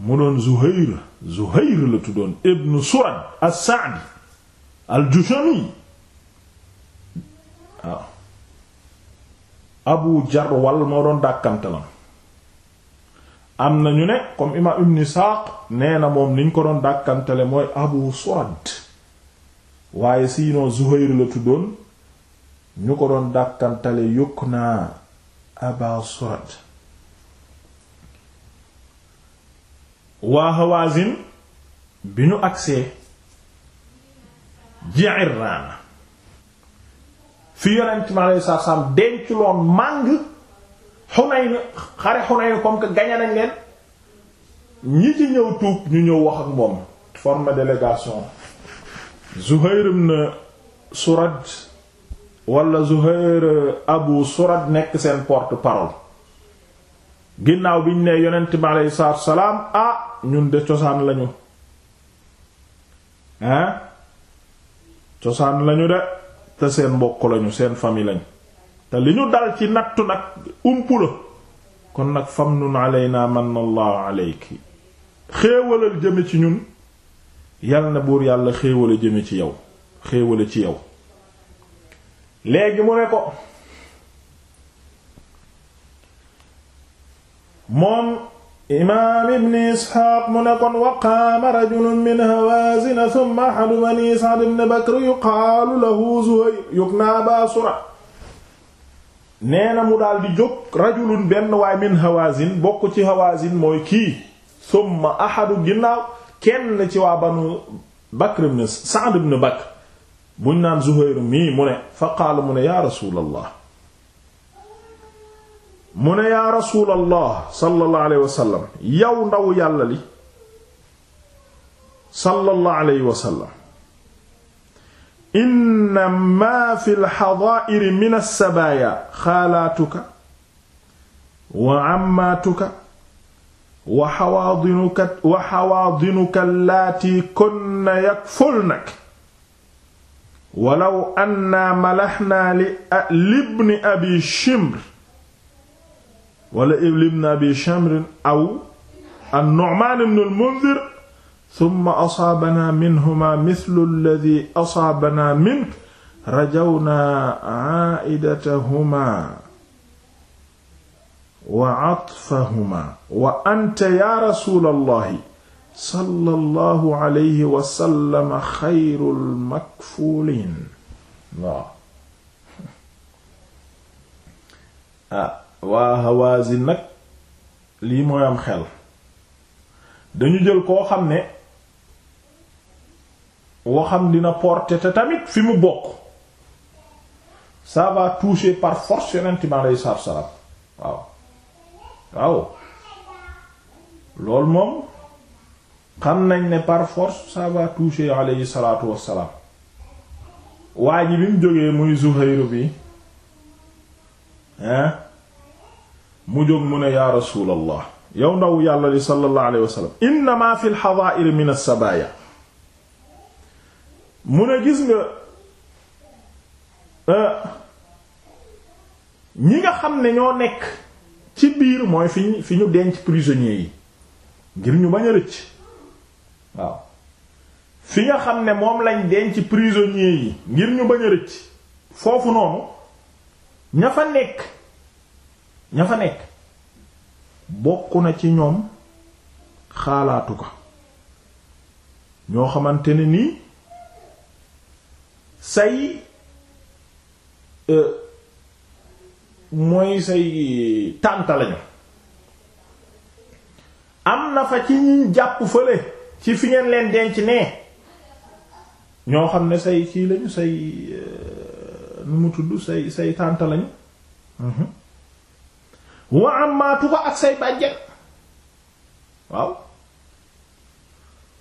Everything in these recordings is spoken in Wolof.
mu doon Zuhayr Zuhayr la tuddoon ibnu Surad as-Sa'di al-Jushami waaw Abu Jarwal moo doon dàkkantalam am na ñu ne comme imaam Ibn Isaaq nee na moom niñ ko doon dàkkantale mooy Abu Surad waaye sinon Zuhayr la tuddoon ñu ko doon dàkkantale yukna Aba Surad waa Hawazin bi ñu agsee Ji'irraana fi yonent mi alayhi salaatu salaam denc loon màng Hunayn xare Hunayn comme que gañe nañ leen ñi ci ñëw tuub ñu ñëw wax ak moom forme délégation Zuhayr ibn Surad wala Zuhayr Abu Surad nekk seen porte-parole ginnaaw biñ ne yonent mi salaam ah, ñun de cosaan lañu hein cosaan lañu de te seen mbokk lañu seen famille lañ te li ñu dal ci nattu nag umpu la kon nag famnun alayna manallahu alayki xéewalal jëme ci ñun yal na buur yàlla xéewala jëme ci yow xéewala ci yow léegi mu ne ko moom imaam ibni isxaaq mu ne kon waqaama rajulun min hawaazin summa ahadu bani sa'd ibn bakr yuqaalu lahu zuhayr yuknaa abaa sura nee mu daal di jóg rajulun benn waay min hawaazin bokk ci hawaazin mooy kii summa ahadu ginnaaw kenn ci waa banu bakr ibn sa'd ibn bakr buñ zuhayr mii mu ne fa qaala rasuulallah mu ne yaa rasuulallah sallallahu alayhi wasallam yow ndaw yàlla li sallallahu alayhi wasallam inna ma fi lxadaa'iri min alsabaaya xaalaatuka wa ammaatuka wa xawaadinuka wa xawaadinuka allaati kunna yakfulnak walaw annaa malaxnaa li libni abi shimr wala ibn abi shamrin aw an-nu'man ibn al-mundhir thumma asaabana minhuma mithlu alladhi asaabana mink rajawna aa'idatahuma wa atfahuma wa anta ya rasulallahi sallallahu alayhi wa sallam xayrul makfuulin waaw ah waa Hawazin nag lii mooy am xel dañu jël koo xam ne waxam dina porter te tamit fi mu bokk ça va toucher par force yonent mi aleyhi salaam waaw waaw loolu moom xam nañ ne par force ça va toucher aleyhi salaatu wassalaam waa ji mu jógee muy Zuhayru bi hein mu jóg mu ne yaa rasuulallah yow ndaw yàlla li sallallahu alayhi wa sallam innama fi lxadaa'ir min as-sabaaya mu ne gis nga euh, ñi nga xam ne ñoo nekk ci biir mooy fi fi ñu denc prisonniers yi ngir ñu bañ rëcc waaw fi nga xam ne moom lañ denc prisonniers yi ngir ñu bañ a rëcc foofu noonu ña fa nekk ña fa nekk bokk na ci ñoom xaalaatu ko ñoo xamante ne nii say euh, mooy say tànta lañu am na fa ci ñi jàpp fële ci fi ngeen leen denc nee ñoo xam ne say kii lañu say euh, nu mu tudd say say tànta lañu mhm. wa amaatuka ak say bàjjen waaw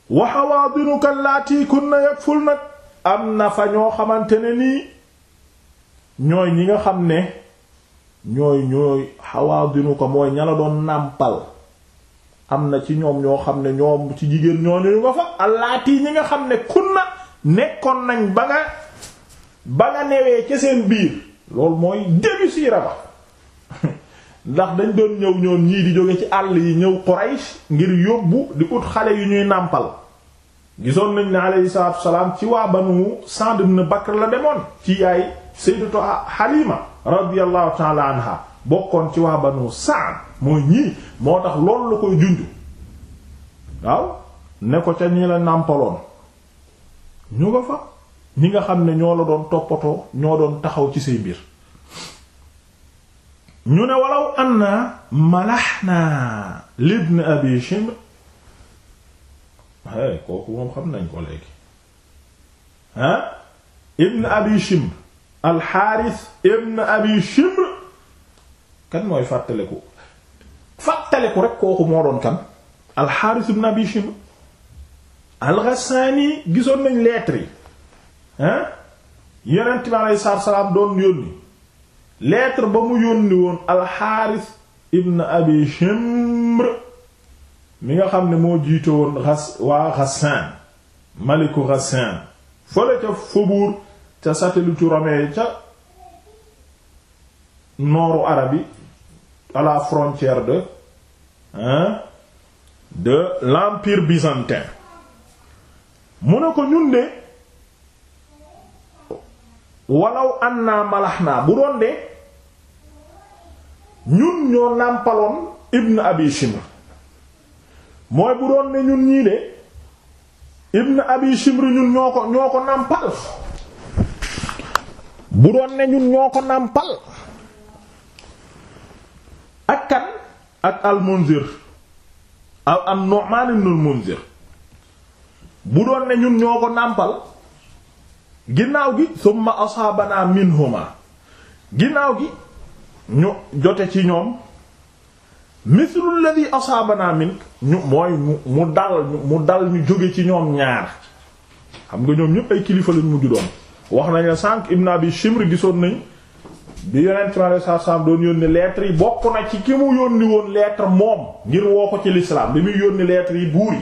wa hawaadinuka allati kunna yakfulnak am na fa ñoo xamante ne nii ñooy ñi nga xam ne ñooy ñooy hawaadinuka mooy ña la doon nàmpal am na ci ñoom ñoo xam ne ñoom ci jigéen ñoo ñu nga fa allaati ñi nga xam ne kunna nekkoon nañ ba nga ba nga newee ca seen biir loolu mooy début ba ndax dañ doon ñëw ñoom ñii di jóge ci àll yi ñëw Quraysh ngir yóbbu di ut xale yu ñuy nàmpal gisoon nañ ne aleyhi salaatu ci waa banu Sa'd ibn Bakr la demoon ci yaay sayyidatu Halima bokkoon ci waa banu Sa'd mooy ñii moo tax loolu la koy junj waaw ne ko ca ñi la nàmpaloon ñu nga fa ñi nga xam ne ñoo la doon toppatoo ñoo doon taxaw ci say mbir ñu ne walaw anna na libn abi shimr hey kooku moom xam nañ ko léegi ah ibn abi shimr alxaaris ibn abi shimr kan mooy fàttaliku fàttaliku rek kooku moo doon kan alxaaris ibn abi shimr alxasaani gisoon nañ lettre yi ah yonent bi alayhi salaam doon yónni lettre ba mu yónni woon alxaaris ibn abi shimr mi nga xam ne moo jiite woon xas waa Ghassan maliku Ghassan fële ca faubourg ca satellite Romain ca nooru Arabie à la frontière de de l'empire byzantin mu ne ko ñun de walaw annaa malax naa bu doon de ñun ñoo nàmpaloon ibn abi shimr mooy bu doon ne ñun ñii de ibn abi ñun ñoo ko ñoo ko nàmpal bu doon ne ñun ñoo ko nàmpal ak kan ak al munzir al an nu'man ibn bu doon ne ñun ñoo ko nàmpal ginnaaw gi summa asaabana minhuma ginnaaw gi ñu jote ci ñoom mithlu alladhi asaabana min ñu mooy mu dal mu dal ñu jóge ci ñoom ñaar xam nga ñoom ñëpp ay kilifa lañ mujju doon wax nañ la sànq ibn abi shimr gisoon nañ bi yonent mi alayhi salaatu salaam doon yónni lettre yi bokk na ci ki mu yónni woon lettre moom ngir woo ko ci lislaam bi muy yónni lettre yi buur yi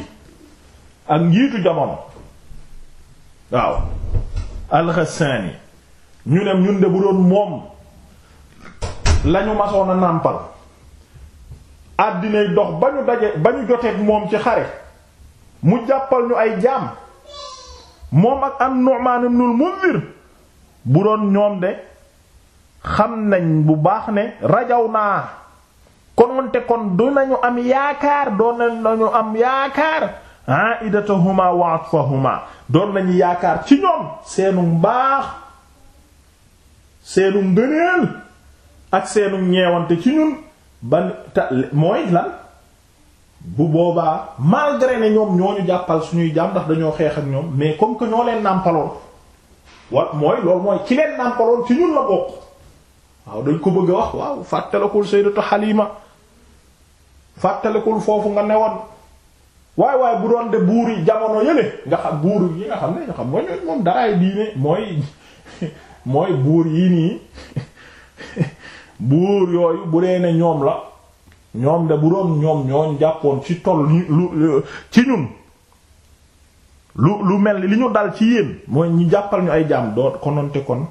ak njiitu jamono waaw al-Ghassani ñu ne ñun de bu doon moom lañu masoon a nàmpal àddinay dox ba ñu daje ba ñu joteeg moom ci xare mu jàppal ñu ay jaam moom ak am Nu'man ibn al-Munzir bu doon ñoom de xam nañ bu baax ne rajaw naa kononte kon du nañu am yaakaar doon nañu am yaakaar aidatahuma wa atfahuma doon nañu yaakaar ci ñoom seenu baax seenu ngëneel ak seenu ñeewante ci ñun ban mooy lan bu boobaa malgré ne ñoom ñoo ñu jàppal suñuy jaam ndax dañoo xeex ak ñoom mais comme que ñoo leen nàmpaloon wa mooy loolu mooy ci leen nàmpaloon ci ñun la bokk waaw dañ ko bëgg a wax waaw fàttalekul sayyidatu Halima fàttalekul foofu nga ne woon waaye waaye bu doon de buur yi jamono yële nga xam buur yi nga xam ne nga xam mooy ñooñu moom daraay diine mooy mooy buur yi nii buur yooyu bu dee ne ñoom la ñoom de bu doon ñoom ñooñ jàppoon ci toll lu ci ñun lu mel ni li ñu dal ci yéen mooy ñu jàppal ñu ay jaam doon kononte kon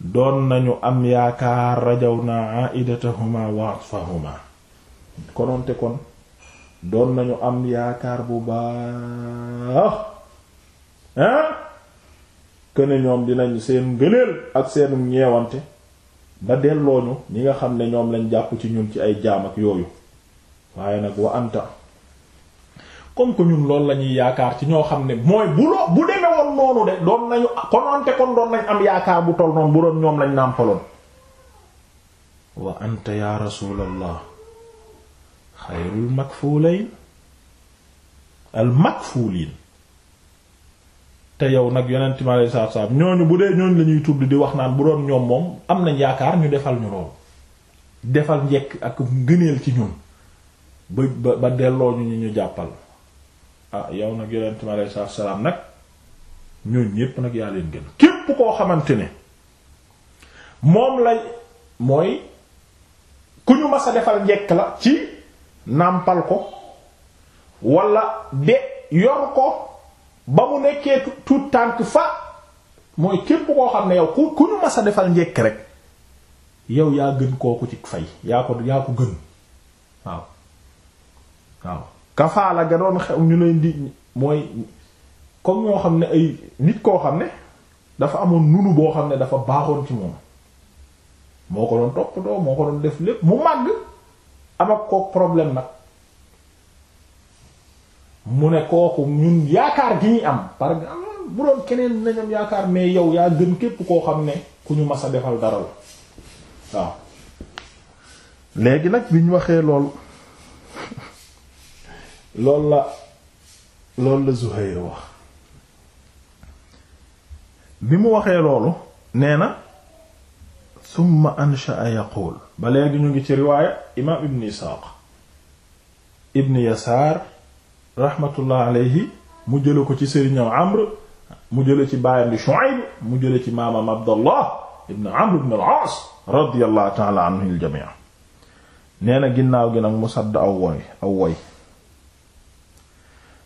doon nañu am yaakaar rajaw naa aidatahuma wa atfahuma kononte kon doon nañu am yaakaar bu baax ah këne ñoom dinañ seen ngëneel ak seenu ñeewante ba dellooñu ñi nga xam ne ñoom lañ jàpp ci ñun ci ay jaam ak yooyu waaye nag wa anta comme que ñun loolu la ñuy yaakaar ci ñoo xam ne mooy bu loo bu demee noonu de doon nañu kononte kon doon nañ am yaakaar bu toll noonu bu doon ñoom lañ nàmpaloon wa anta ya rasulallah xayrul makfuulayn al makfuuliin te yow nag yonent mi alayhi salaatu salaam ñooñu bu dee ñooñu lañuy ñuy tudd di wax naan bu doon ñoom moom am nañ yaakaar ñu defal ñu loolu defal njekk ak ngëneel ci ñun ba ba delloo ñu ñu jàppal ah yow nag yonent mi salaam nag ñooñu ñépp nag yaa leen gën képp koo xamante ne moom lay mooy ku ñu mas defal njekk la ci nàmpal ko wala de yor ko ba mu nekkee tuut tànk fa mooy képp koo xam ne yow ku ku ñu masa defal njekk rek yow yaa gën kooku ci fay yaa ko yaa ko gën waaw waaw kafaala ga doon xew ñu leen di mooy comme ñoo xam ne ay nit koo xam ne dafa amoon nunu boo xam ne dafa baaxoon ci moom moo ko doon toppatoo moo ko doon def lépp mu màgg am ak kook problème nag mu ne kooku ñun yaakaar gi ñuy am par bu doon keneen nañam yaakaar mais yow yaa gën képp koo xam ne ku ñu mas a defal dara la waaw léegi nag bi ñu waxee lool lool la lool la Zuhayr wax bi mu waxee loolu nee na summa ansha'a yaquul ba léegi ñu ngi ci riwaaya imaam ibn isxaaq ibn yasaar rahmatullah alayhi mu jële ko ci sëriñam amr mu jële ci baayam di shu'ayb mu jële ci maamam abdallah ibn amr ibn al-aas radiyallahu ta'ala anhu al-jamii nee na ginnaaw gi nag mu sadd aw woy aw woy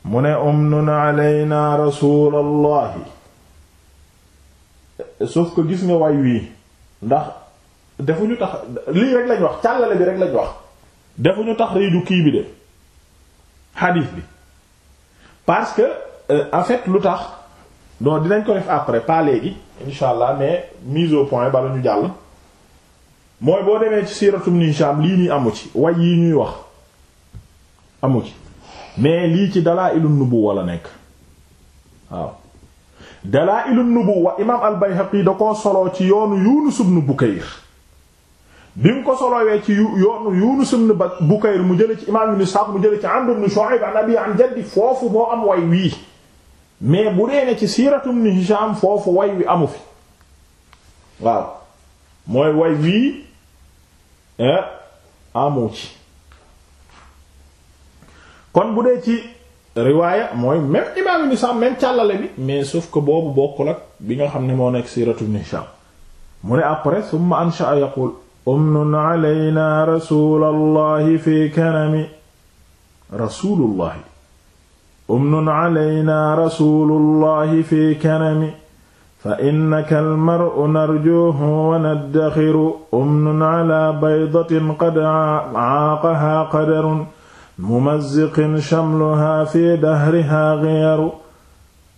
mu ne umnun alayna rasulallahi sauf ko gis nga way wii ndax defuñu tax lii rek lañ wax càllale bi rek lañ wax defuñu tax riiju kii bi de hadith bi parce que euh, en fait lu tax non dinañ ko def après pas léegi insha allah mais mise au point bala ñu jàll mooy boo demee ci siiratum Ibn Hisham lii nii amu ci way yi ñuy wax amu ci mais lii ci Dalaa'ilun Nubuwwa la nekk waaw dalaa'ilun nubuwwa imaam al-Bayhaqi da koo solo ci yoonu Yunus ibn Bukayr bi mu ko solowee ci yoonu Yunus ibn Bukayr mu jële ci imaam ibn Isaaq mu jële ci Amr ibn Shu'ayb an abi an jaddi foofu boo am way wii mais bu dee ne ci siiratu ibn Hishaam foofu way wi amu fi waaw mooy way wii eh, amu ci kon bu dee ci riwaaya mooy même imaam Ibn Hishaam même càllale bi mais sauf que boobu bokkul ak bi nga xam ne moo nekk siiratu Ibn Hishaam mu ne après summa ansha yaqul umnun alayna rasulallahi fi kanami rasulullahi umnun alayna rasulullahi fi kanami fa innaka almaru narjuhu wa naddaxiru umnun ala baydatin qad aaqaha qadarun mumazziqin shamluha fi dahriha ghiyaru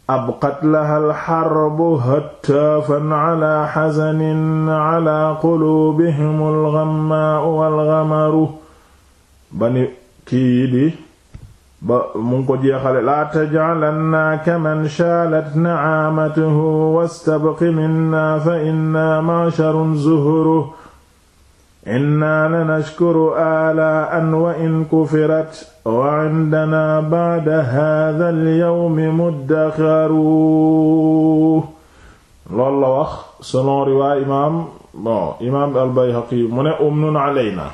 abqat laha alxarbu hattaafan ala xasanin ala quluubihim alxammaa'u walxamaru ba ni kii di ba mu ngi ko jeexale laa tajcalanna kaman shaalat nacaamatuhu wastabqi minna fa inna macarun zuhuru inna lanashkuru aalaa'an wa in kufirat wa indana ba'da haadha al-yawmi muddakharu loolu la wax selon imaam imaam al-Bayhaqi mu ne umnun alayna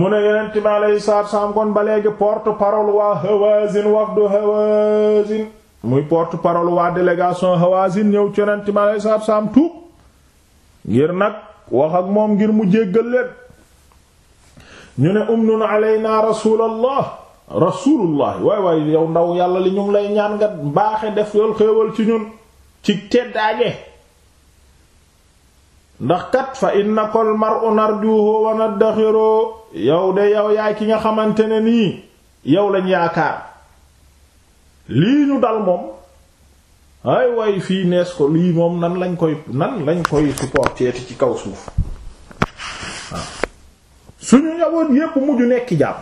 mu ne yonent bi alayhi kon ba porte parole waa Hawaazin wafdu Hawaazin muy porte parole waa délégation Hawaazin ñëw ci yonent bi alayhi wax ak moom ngir mu jéggal leen ñu ne umnun alaynaa rasulallah rasulullah waay waay yow ndaw yàlla li ñu lay ñaan nga baaxe def yool xéewal ci ñun ci teddaage ndax kat fa innakol mar u narjuhu wa naddaxiroo yow de yow yaay ki nga xamante ne nii yow lañ yaakaar lii ñu dal moom ay waay fii nees ko lii moom nan lañ koy nan lañ koy supporter ci kaw suuf waaw suñu njaboot yépp mujj nekk jaam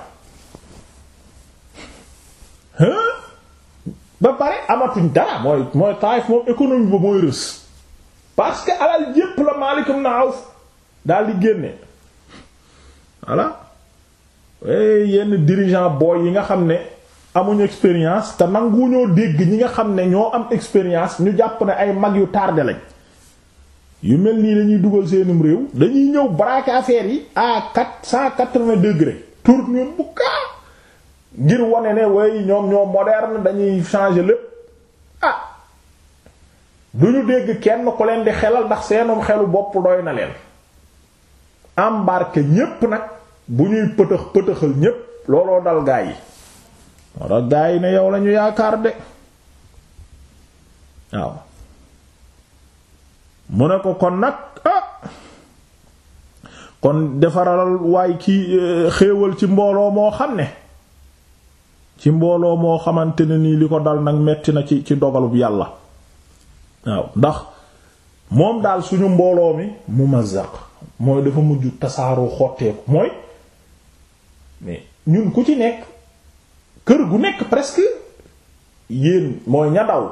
ba pare amatuñ dara mooy mooy Taayif moom économie ba mooy rës parce que alal yépp la maalikum na awf daal di génne voilà eh, yenn dirigeant bool yi nga xam ne amuñ expérience te nanguwuñoo dégg ñi nga xam ne ñoo am expérience ñu jàpp ne ay mag yu tardé lañ yu mel nii lañuy dugal seenum réew dañuy ñëw braquer affaire yi à quatre cent quatre-vingts degrés tourner bu kaa ngir wane ne way ñoom ñoo moderne dañuy changer lépp ah duñu dégg kenn ku leen di xelal ndax seenum xelu bopp doy na leen embarquer ñépp nag bu ñuy pëtëx pëtëxal ñépp looloo dal gaa yi moo tax gaa yi ne yow lañu yaakaar de waaw mu ne ko kon nag ah, kon defaral waay ki eh, xéewal ci mbooloo moo xam ne ci mbooloo moo xamante ne nii li ko dal nag metti na ci ci dogalub yàlla waaw ndax moom daal suñu mbooloo mi mu mazzaq mooy dafa mujj tasaaroo xotteeku mooy mais ñun ku ci nekk kër gu nekk presque yéen mooy ña daw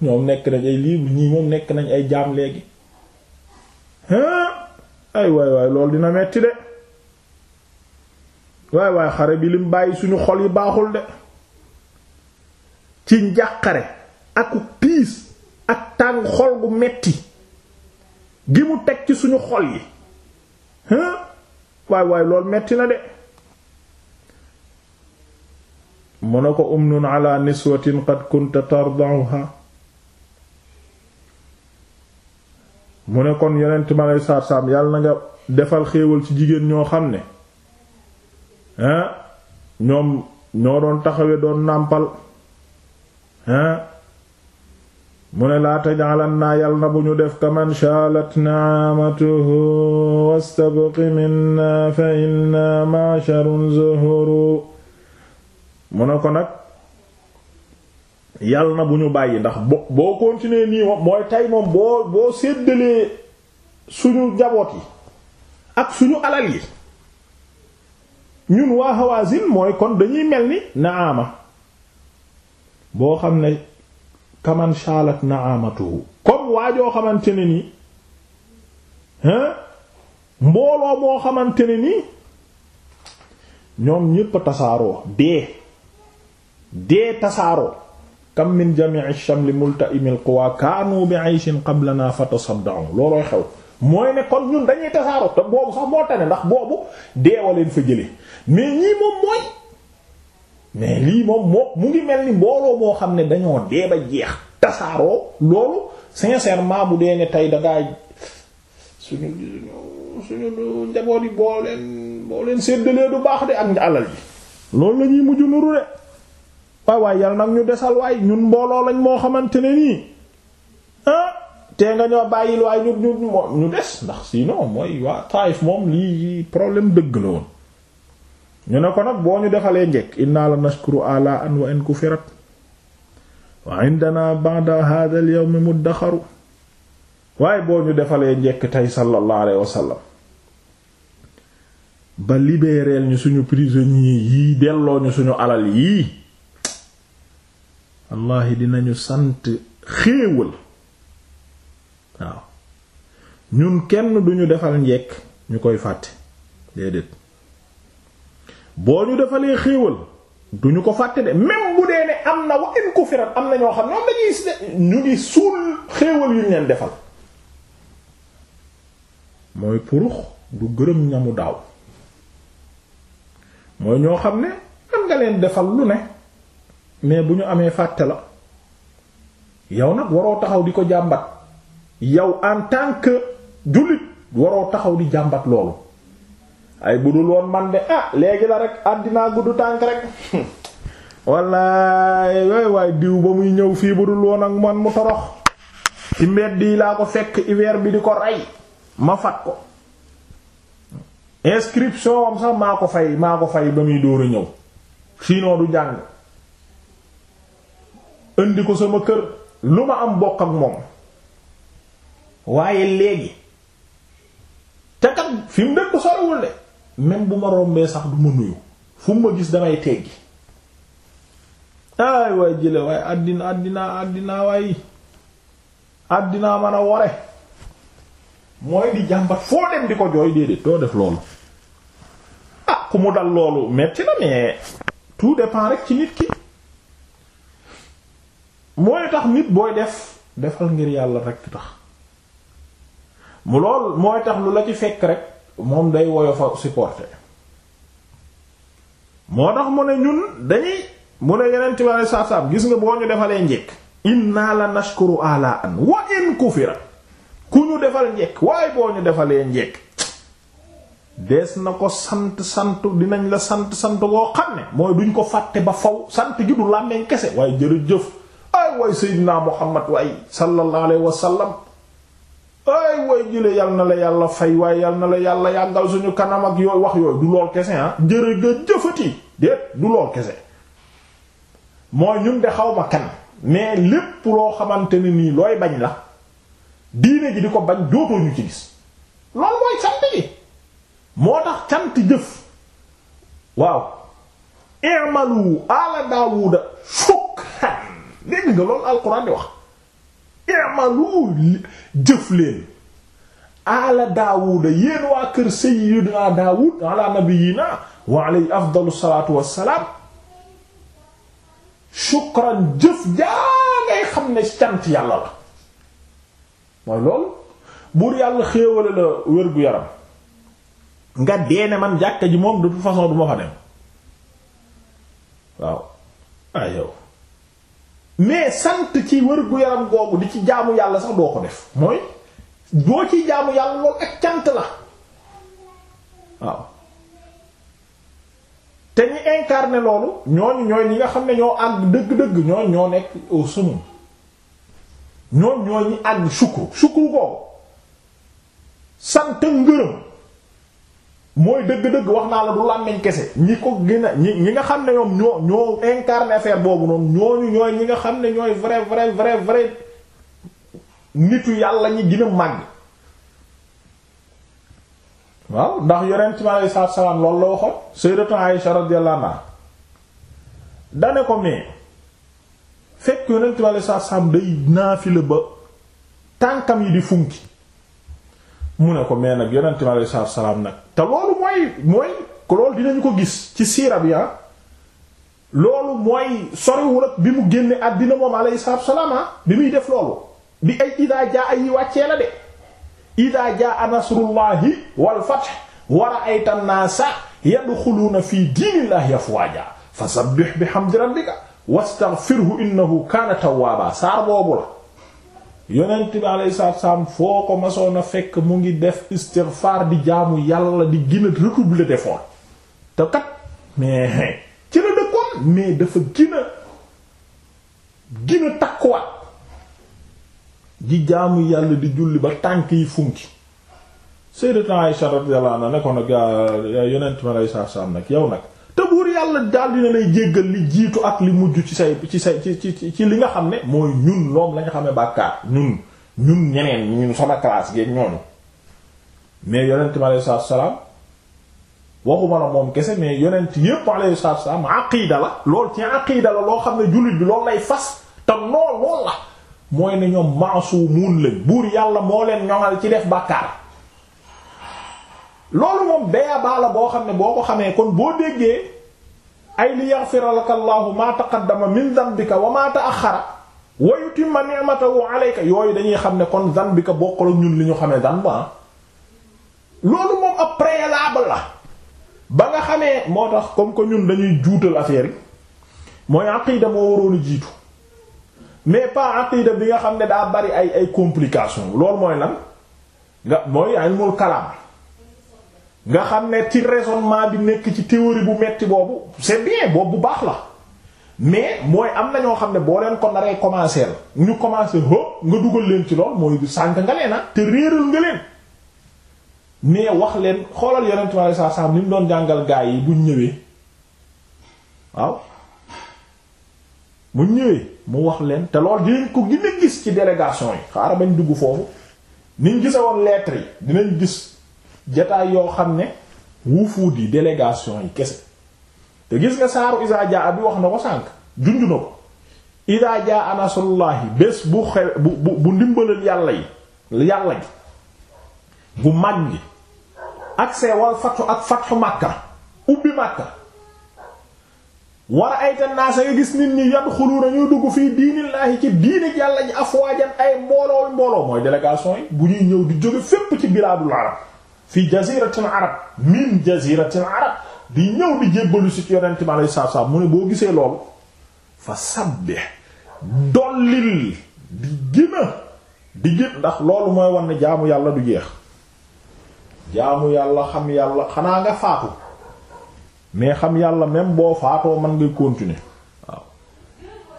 ñoom nekk nañ ay libre ñii moom nekk nañ ay jaam léegi ay waay waay loolu dina metti de waay waay xare bi lim bàyyi suñu xol yi baaxul de ci njàqare ak piis ak tàng xol gu metti gi mu teg ci suñu xol yi waay waay lool metti na de mu ne ko umnun ala niswatin qad kunta tarda'uha mu ne kon yonent ma lay saar saam yàlla na nga defal xéewal ci jigéen ñoo xam ne hein ñoom ñoo doon taxawe doon nàmpal hein mu ne laa taj'alan naa yàlla na bu ñu def kaman shaalat naamatuhu wastabqi minna fa inna ma'sharun zuhuru mu ne ko nag yàlla na bu ñu bàyyi ndax bo boo continuer nii moom mooy tey moom boo boo séddalee suñu njaboot yi ak suñu alal yi ñun waa Hawazin mooy kon dañuy mel ni naama boo xam ne kaman shalat naamatu comme waajoo xamante ne nii hein mbooloo moo xamante ne nii ñoom ñépp tasaaroo dee dee tasaaroo kam min jami'i shamli multa'imil quwa kaanu bi'ayshin qablana fatasadda'u loolooy xew mooy ne kon ñun dañuy tasaaroo te boobu sax moo tane ndax boobu deewa leen fa jëlee mais ñii moom mooy mais lii moom moo mu ngi mel ni mbooloo moo xam ne dañoo dee ba jeex tasaaroo loolu sincèrement bu dee ne tey dangaa suñu suñu njaboot yi boo leen boo leen séddalee du baax de ak alal ji loolu la ñuy mujj nuru de waaye waaye yàlla nag ñu desal waay ñun mbooloo lañ moo xamante ni nii ah tee nga ñoo bàyyil waaye ñu ñu ñu des ndax sinon mooy waa Taif moom lii problème dëgg la woon ñu ne ko nag boo ñu defalee njekk inna la nashkuru ala an wa in waaye boo ñu defalee njekk tey sallallahu alayhi wasallam ba libérer ñu suñu prisonniers yii delloo ñu suñu alal yii wallahi dinañu sant xéewal waaw ñun kenn du ñu defal njekk ñu koy fàtte déedéet boo ñu defalee xéewal duñu ko fàtte de même bu dee ne am na wa in am na ñoo xam ne dañuy ñu ñu leen defal mooy purux du gërëm ñamu daaw mooy ñoo xam ne nga leen defal lu ne mais bu ñu amee fàtte la yow nag waroo taxaw di ko jàmbat yow en tant jullit waroo taxaw di jàmbat loolu ay budul woon man de ah léegi la rek àddina gudd tànk rek walla yooy waay diw ba muy ñëw fii budul woon ak man mu torox ci mbedd yi laa ko fekk hiver bi di ko rey ma fat ko inscription sax maa ko fay maa ko fay ba muy dóor a ñëw sinon du jàng indi ko sama kër lu ma am bokk ak moom waaye léegi te kat fi mu dëkk sorewul de même bu ma rombee sax du ma nuyu fum ma gis damay teggi ay waay jële waaye àddina àddina àddina waay àddina man a wore mooy di jàmbat foo dem di ko jooy déedéet doo def loolu ah ku mu dal loolu metti na mais tout dépend rek ci nit ki mooy tax nit booy def defal ngir yàlla rek tax mu lool mooy tax lu la ci fekk rek moom day woyofa supporter moo tax mu ne ñun dañuy mu ne ci tibaare saab-saab gis nga boo ñu defalee njekk naa la nashkuru ala an wa in kufira ku ñu defal njekk waaye boo ñu defalee njekk des na ko sant sant dinañ la sant sant woo xam ne mooy duñ ko fàtte ba fow sant gi du làmmeñ kese waaye jëf ay way seydinaa muhammad waay sallallahu alayhi wa sallam ay way jële yal na la yàlla fay waaye yal na la yàlla yàggal suñu kanam ak yooyu wax yooyu du lool kese ah jërë nga jëfati déet du lool kese mooy ñun de xaw ma kan mais lépp loo xamante ne nii looy bañ la diine ji di ko bañ dootoo ñu ci gis loolu mooy sant gi moo tax cant jëf waaw i'malu ala daawuda fukk dégg nga loolu alquran di wax i'malu jëf leen ala daawuda yéen waa kër sayyidina daawud ala nabiyina wa alayhi afdalu salaatu wassalaam shukran jëf jaa ngay xam ne cant yàlla la mooy loolu buur yàlla xéewale la wérgu yaram nga dee ne man jàkka ji moom de toute façon du fa dem waaw ah yow mais sant ci wér-gu-yaram googu di ci jaamu yàlla sax doo ko def mooy boo ci jaamu yàlla loolu ak cant la waaw te ñi incarné loolu ñooñu ñooy ñi nga xam ne ñoo àgg dëgg-dëgg ñooñ ñoo nekk au sommet ñooñ ñooy ñi àgg sukkur sukkur googu sant ngërëm mooy dëgg-dëgg wax naa la du làmmiñ kese ñi ko gën a ñi ñi nga xam ne ñoom ñoo ñoo incarné affaire boobu noonu ñooñu ñooy ñi nga xam ne ñooy vrai vrai vrai vrai nitu yàlla ñi gën màgg waaw ndax yonent mi alayhi salaatu salaam loolu la waxoon sayyidatu Aisha radiyallahu anha dane ko mais fekk yonent mi alayhi salaatu day naafile ba tànkam yi di funki mu ko mais nag yonent mi aleyhi salaatu salaam nag te loolu mooy mooy loolu dinañu ko gis ci siira bi ah loolu mooy soriwul bi mu génne àddina moom aleyhi salaatu ah, bi muy def loolu bi ay idaa jaa ay yi wàccee la de idaa jaa nasrullahi wal fath wa ra'ayta an-naasa yadxuluuna fi diinillahi afwaajaa fasabbih bihamdi rabbika wastaghfirhu innahu kaana tawwaaba saar boobu yonent bi alayhi salaatu salaam foo ko masoon a fekk mu ngi def istighfar di jaamu yàlla di gën a redoubler d'effort te kat mais ci la dëkkoon mais dafa gën a gën a di jaamu yàlla di julli ba tànk yi funki Sayyidatuna Aisha radiyallahu anha ne ko nag yaa yonent bi alayhi salaatu nag yow nag te buur yàlla daal dina lay jéggal li jiitu ak li mujj ci say ci say ci ci ci li nga xam ne mooy ñun loom la nga xamee bàkkaar ñun ñun ñeneen ñun sama classe geeg ñooñu mais yonent mi aleyhi salaatu salaam waxuma la moom kese mais yonent yépp aleyhi salaatu salaam aqiida la lool ci aqiida la loo xam ne jullit bi loolu lay fas te nool lool la mooy ne ñoom maasumun lañ buur yàlla moo leen ñoŋal ci def bàkkaar loolu moom béyabaa la boo xam ne boo ko xamee kon boo déggee ay li yaghfira laka allahu ma taqaddama min dhanbika wa ma ta'akhkhara wa yutimma ni'matahu alayka yooyu dañuy xam ne kon dhanbika bokkul ak ñun li ñu xamee dhanb ba ah. loolu moom ab préalable la ba nga xamee moo tax comme que ñun dañuy juutal affaire yi mooy aqida moo waroon jiitu mais pas aqida bi nga xam ne daa bari ay ay complications loolu mooy lan nga mooy ilmul kalaam nga xam ne ci raisonnement bi nekk ci théorie bu metti boobu c'est bien boobu bu baax la mais mooy am na ñoo xam ne boo leen ko naree commencé la ñu commencé hop nga dugal leen ci lool mooy sànk nga leen ah, te réeral nga leen mais wax leen xoolal yonent mi aleyhi salaatu ni mu doon jàngal gaa yi buñ ñëwee waaw buñ ñëwee mu wax leen te lool dinañ ko gën gis ci délégation yi xaaral bañ dugg foofu niñ gisewoon lettre yi dinañ gis jataay yoo xam ne wufuud yi délégation yi kese te gis nga saaru isa jaa bi wax na ko sànq junju na ko isa jaa nasrullahi bés bu xew bu bu ndimbalal yàlla yi yàlla gi bu mag gi accès wal fatxu ak fatxu màkka ubbi màkka war a ay tannaasa nga gis nit ñi yadxulu nañuy dugg fii diinillaahi ci diini yàlla ji afwaajan ay mbooloo mbooloo mooy délégation yi bu ñuy ñëw di jóge fépp ci bilaadul arab fi jaziratil arab min jaziratil arab di ñëw di jébbalu si ci yonent mi mu ne boo gisee loolu fa sabbih dollil di ndax loolu mooy wan ne jaamu yàlla du jeex jaamu yàlla xam yàlla xanaa nga faatu mais xam yàlla même boo mën ngay continuer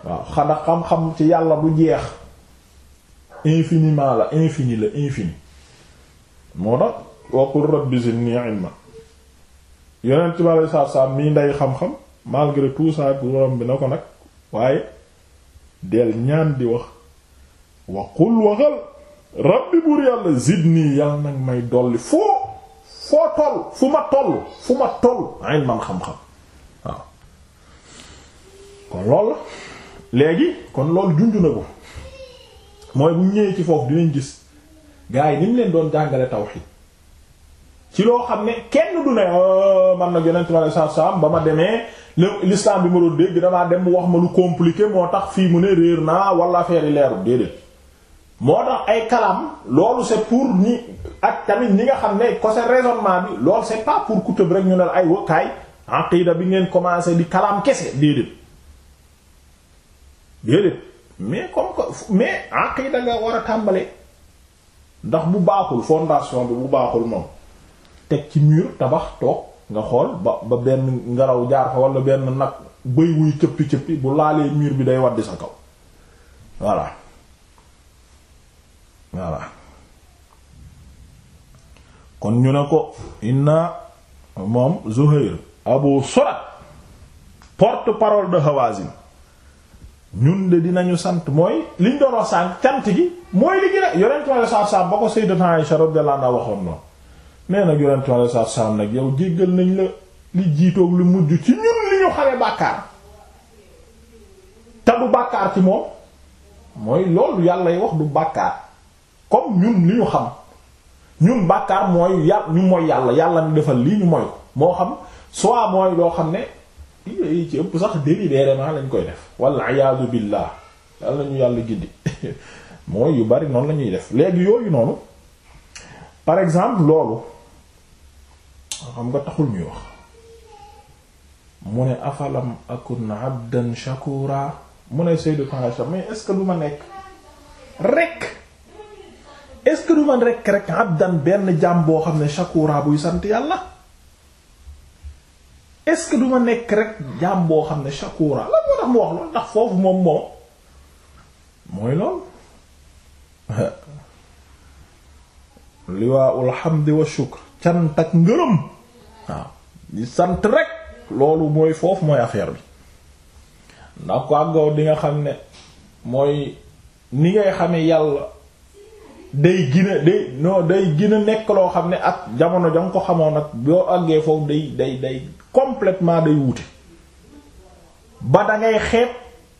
waaw waaw ci yàlla du jeex infiniment la infini la infini moo tax wa qul rabbi zidni ilma yonent bi alei satu salaam mii ndey xam-xam malgré tout ça borom bi na ko nag waaye del ñaan di wax wa qul waxal rabbi buur yàlla zidni yàlla nag may dolli foo foo toll fu ma toll fu ma toll ilman xam-xam waaw kon lool léegi kon loolu junju na ko mooy bu ñëwee ci foofu dinañ gis gaa yi ni mu leen doon jàngale tawhid ci loo xam ne kenn du ne oh, man na yonent bi sallallahu alayhi wasallam ba ma demee l'islam bi ma doon dégg damaa dem mu wax ma lu compliqué moo tax fii mu ne réer naa walla affaire yi leerul déedéet. moo tax ay kalam loolu c'est pour ñi ak tamit ñi nga xam ne côté raisonnement bi loolu c'est pas pour ku tëb rek ñu ne ay wëkkaay aqida bi ngeen commencé di kalam kese déedéet déedéet mais comme que mais aqida nga war a tàmbali ndax bu baaxul fondation bu baaxul moom. teg ci mur tabax toog nga xool ba ba benn ngelaw jaar fa wala benn nag bëy wuy cëppi cëppi bu laalee miir bi day waddi sa kaw voilà voilà kon ñu ne ko inna moom Zuhayr Abu Surat porte-parole de Hawazin ñun de dinañu sant mooy liñ doon wax cant gi mooy li gën a yonentu Yàlla ba ko Sayyidatuna Aïsha radiyallahu anha waxoon noonu nee nag yonent mi alei satu salaam nag yow jéggal nañ la li jiitoog lu mujj ci ñun li ñu xamee bàkkaar te du bàkkaar ci moom mooy loolu yàlla wax du bàkkaar comme ñun li ñu xam ñun bàkkaar mooy yàlla ñu mooy yàlla yàlla ni defal lii ñu mooy ko moo xam soit mooy loo xam ne ci ëpp sax délibérément lañ koy def walla iyaadu billah yàlla ñu yàlla gindi mooy yu bari noonu la ñuy def léegi yooyu noonu par exemple loolu xam nga taxul ñuy wax mu ne afalam akun abdan shakura mu ne Sayyidatu Aisha mais ce que du ma nekk rek est-ce que du abdan benn jaam boo xam ne shakura buy sant yàlla est-ce que du ma nekk rek jaam xam ne shakura la moo tax mu wax loolu ndax foofu moom moom mooy lool liwaa'ul hamdi wa shukr cant ak ngërëm waaw di sant rek loolu mooy foofu mooy affaire bi ndax ko àggow di nga xam ne mooy ni ngay xamee yàlla day gina day non day gina nekk loo xam ne ak jamono ja ko xamoon nag boo àggee foofu day day day complètement day wuute ba da ngay xeeb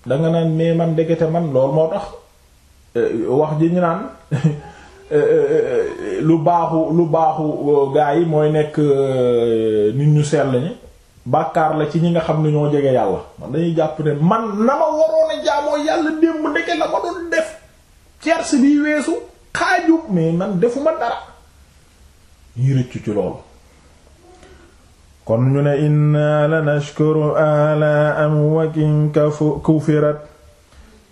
da nga naan mais man ndekete man loolu moo tax eh, wax ji ñu naan Euh, euh, euh, lu baaxu lu baaxu gaa yi mooy nekk nit ñu sell ñi bàkkaar la ci ñi nga xam ne ñoo jege yàlla man dañuy jàpp ne man na ma waroon a jaamoo yàlla démb ndeke la ma doon def cerce bi weesu xaaju mais man defuma dara ñuy rëccu ci loolu kon ñu ne inna la nashkuru ala am wakin kafu kufirat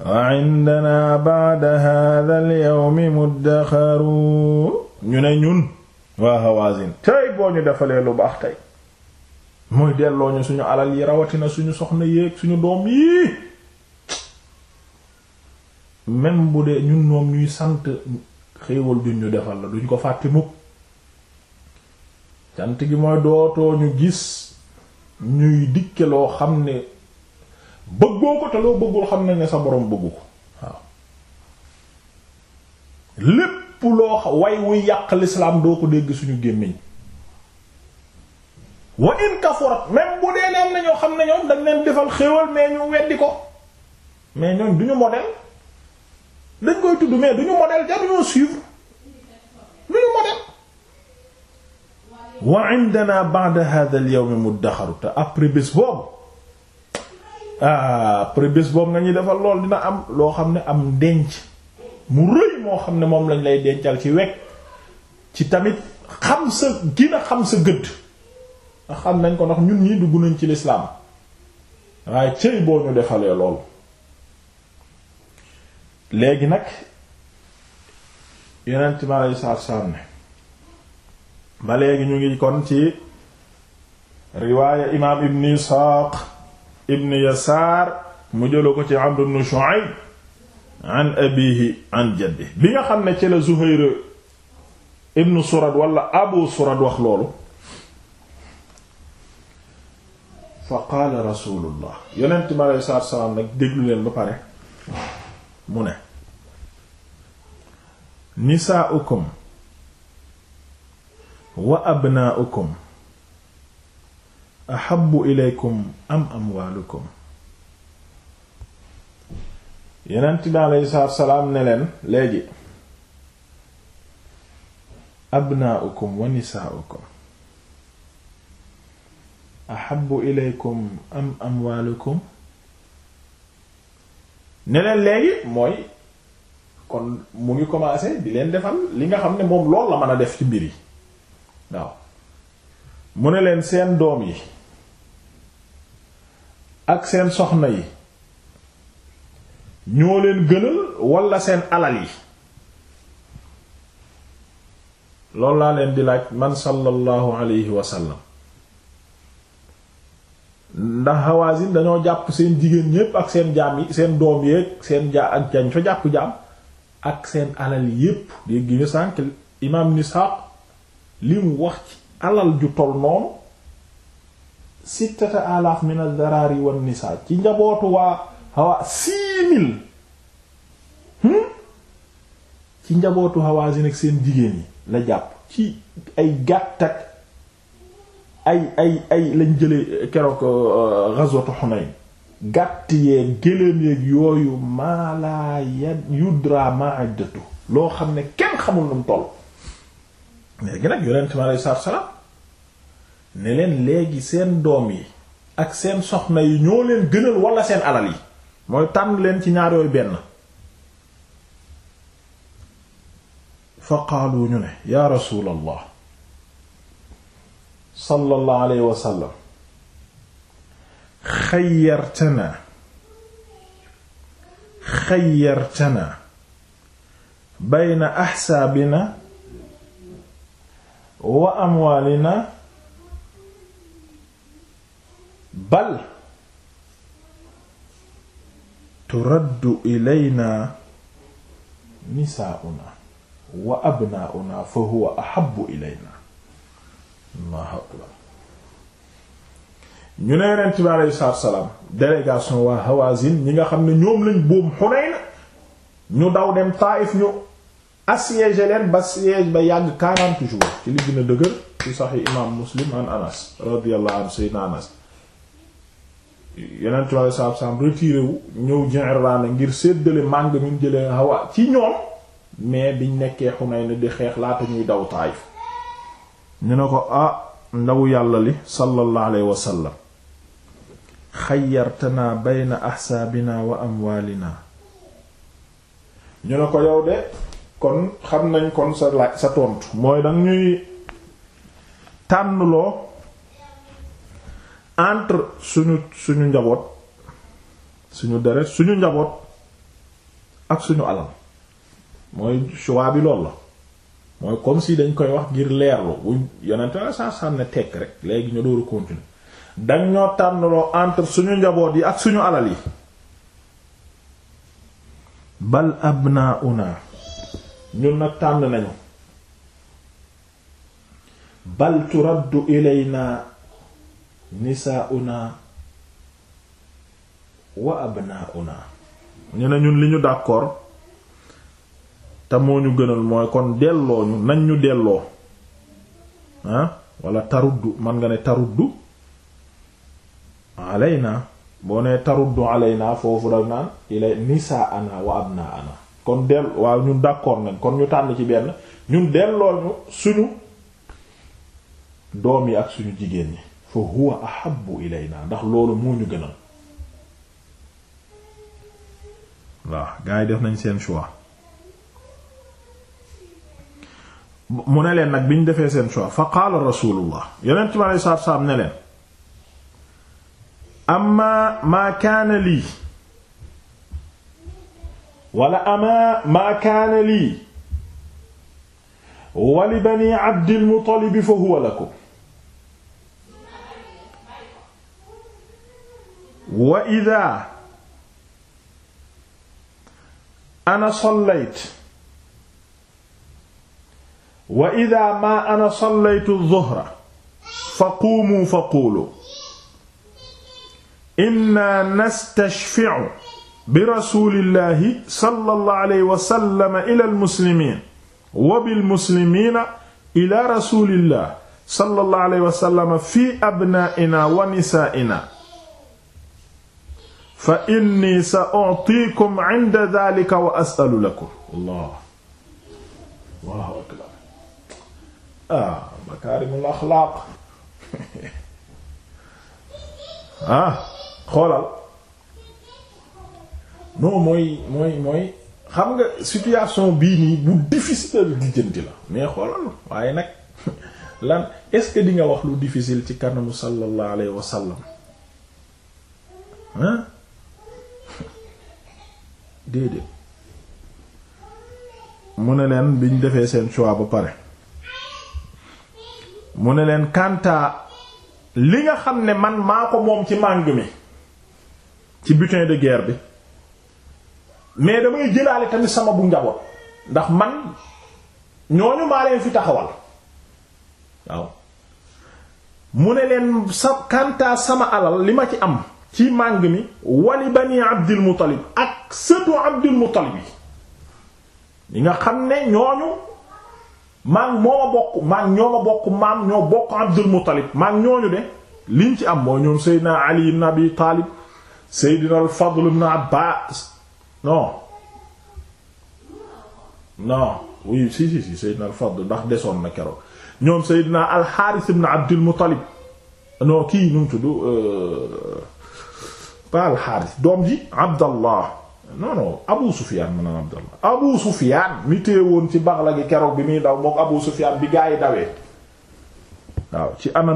wa indanaa ba'da haadhal yawmi muddakharu ñu ne ñun waa Hawazin tey boo ñu defalee lu baax tey muy delloo ñu suñu alal yi rawatina suñu soxna yéeg suñu doom yii même bu dee ñun ñoom ñuy sant xéewal duñ ñu defal la duñ ko fàtte mukk sant gi mooy dootoo ñu gis ñuy dikke loo xam ne bëggoo ko te loo bëggul xam nañ ne sa boroom bëggu ko waaw lépp loo xa way wuy yàq lislaam doo ko dégg suñu gémmiñ wa in kafurat même bu dee neen na xam ne ñoom dañ leen defal xéewal mais ñu weddi ko mais ñoom duñu modèle dañ koy tudd mais duñu modèle jaruñoo suivre duñu modèle wa indana ba'da hadha al-yawm muddakhar te après bés boobu après ah, bés boobu nga ñi defal lool dina am loo xam ne am denc mu rëy moo xam ne moom lañ lay dencal ci wekk ci tamit xam sa gina xam sa gëdd ndax xam nañ ko ndax ñun ñii dugg nañ ci lislaam waaye cëy boo ñu defalee lool léegi nag yeneen time alay saar saar ba léegi ñu ngi kon ci riwaaya imaam ibn Isaaq ibn yasaar mu jëla ko ci amr ibn shu'ayb an an jaddi bi nga xam ne ci la zuhayr ibn surad wala abu surad wax loolu fa qaala rasulullah yonent mi aleyhi salaatu salaam nag déglu leen ba pare mu ne nisaa'ukum wa abnaa'ukum ahabu ilaykum am amwaalukum yeneent bi aleyhi salaam ne leen léegi abnaaukum wa nisaaukum ahabu ilaykum am amwaalukum ne leen léegi mooy kon mu ngi commencé di leen defal li nga xam ne moom lool la mën a def ci mbir yi waaw mu ne leen seen doom yi ak seen soxna yi ñoo leen gënal walla seen alal yi loolu laa leen di laaj man sallallahu alayhi wa sallam ndax Hawazin dañoo jàpp seen jigéen yépp ak seen jaam yi seen doom yeeg seen ja ak jañ fa jàpp jaam ak seen alal yépp dégg nga sànq imaam Nisaa li mu wax ci alal ju tol noonu sittata alaaf min ad-darari wan nisaa ci njabootu waa hawa six hmm? ci njabootu Hawazin ak seen jigéen yi la jàpp ci ay gàtt ak ay ay ay lañ jële eh, keroog eh, ghazwatu Hunayn gàtt yeeg gëléem yeeg yooyu mala ya yudra ma'iddatu loo xam ne kenn xamul nu toll léegi nag yonent mi alayhi salaatu wa ne leen léegi seen doom yi ak seen soxna yi ñoo leen gënal wala seen alal yi mooy tànn leen ci ñaar benn fa qaalu ñu ne yaa rasuulallah sallallahu alayhi wa sallam xayyartanaa xayyartanaa bayna axsaabina wa amwaalina bal turaddu ilayna nisaa'una wa abnaa'una fa huwa ahabbu ilayna Allahu akbar ñu ne yonent bi aleyhi salaatu salaam délégation waa Hawazin ñi nga xam ne ñoom lañ boom Hunayn ñu daw dem Taïf ñu assiégé leen ba siège ba yàgg 40 jours ci li gën a dëgër ci Sahih imaam Muslim an Anas radiyallahu anhu sayyidina Anas yeneen trois saab saab retiré wu ñëw Ji'irraana ngir séddale màng mi ñu jëlee Hawa ci ñoom mais biñ nekkee Xunayn di xeex laata ñuy daw Taayif ñu ne ko ah ndawu yàlla li sallallahu alayhi wa sallam xayyartanaa bayna ahsaabinaa wa amwaalinaa ñu ne ko yow de kon xam nañ kon sa laaj sa tontu mooy danga ñuy tànnloo entre suñu suñu njaboot suñu deret suñu njaboot ak suñu alal mooy choix bi lool la mooy comme si dañ koy wax ngir leerlu bu yonent la saa sànne tekk rek léegi ñu dooru continuer dañ ñoo tànnaloo entre suñu njaboot yi ak suñu alal yi bal abnauna ñun nag tànn nañu bal turaddu ilayna nisaa'una wa abnaa'una ñu ne ñun li ñu d'accord te moo ñu gënal mooy kon delloo ñu nañ ñu delloo ah wala taruddu man nga ne taruddu alayna boo nee taruddu alayna foofu dag naan ilay nisaa'ana wa abnaa'ana kon dell waaw ñun d'accord nañ kon ñu tànn ci benn ñun delloo ñu suñu doom yi ak suñu jigéen ñi fa huwa ahabbu ilayna ndax loolu moo ñu gënal waaw gars yi def nañ seen choix mu ne leen nag bi ñu defee seen choix fa qaala rasulullah yeneen ci wàllu saab saab ne leen amma maa kaana lii wala ama maa kaana lii wa li bani abdil muttalib fa huwa lakum wa idaa ana sallayt wa idaa maa ana sallaytu zuhra fa quumuu fa quuluu inna nastashfi'u bi rasuulillaahi sallallahu alayhi wa sallam ilal muslimiin wa bil muslimiina ilaa rasuulillaahi sallallahu alayhi wa sallam fii abnaa'inaa wa nisaa'inaa fa inni sa utikum inda dhalika wa as'alu lakum allah allahu ah, makaarimul axlaaq ah, xoolal non mooy mooy xam nga situation bii nii bu difficile di jënti la mais xoolal waaye nag lan est-ce que di wax lu difficile ci kanamu sallallahu alayhi wa mu ne leen biñ defee seen choix ba pare mu ne leen kanta li nga xam ne man maa ko moom ci màng mi ci butin de guerre bi mais damay jëlaale tamit sama bu njaboot ndax man ñooñu maa leen fi taxawal waaw mu ne leen sa kanta sama alal li ma ci am ci màng mi wali bani abdil muttalib ak ak sëtu Abdul Muttalib yi nga xam ne ñooñu maag moo ma bokk maag ñoo ma bokk maam ñoo bokk Abdul de liñ ci am moo ñoom Seydina Ali ibn Abi Taalib Seydina al-Fadl ibn na keroog ñoom Seydina al-Haaris ibn Abdul Muttalib non kii nu mu tudd euh, pas al-Haaris doom ji Abdallah non non Abu Sufyan mën naan Abdallah Abu ci Baghla gi keroog bi muy daw Abu Sufyan bi gaa yi dawee waaw ci ana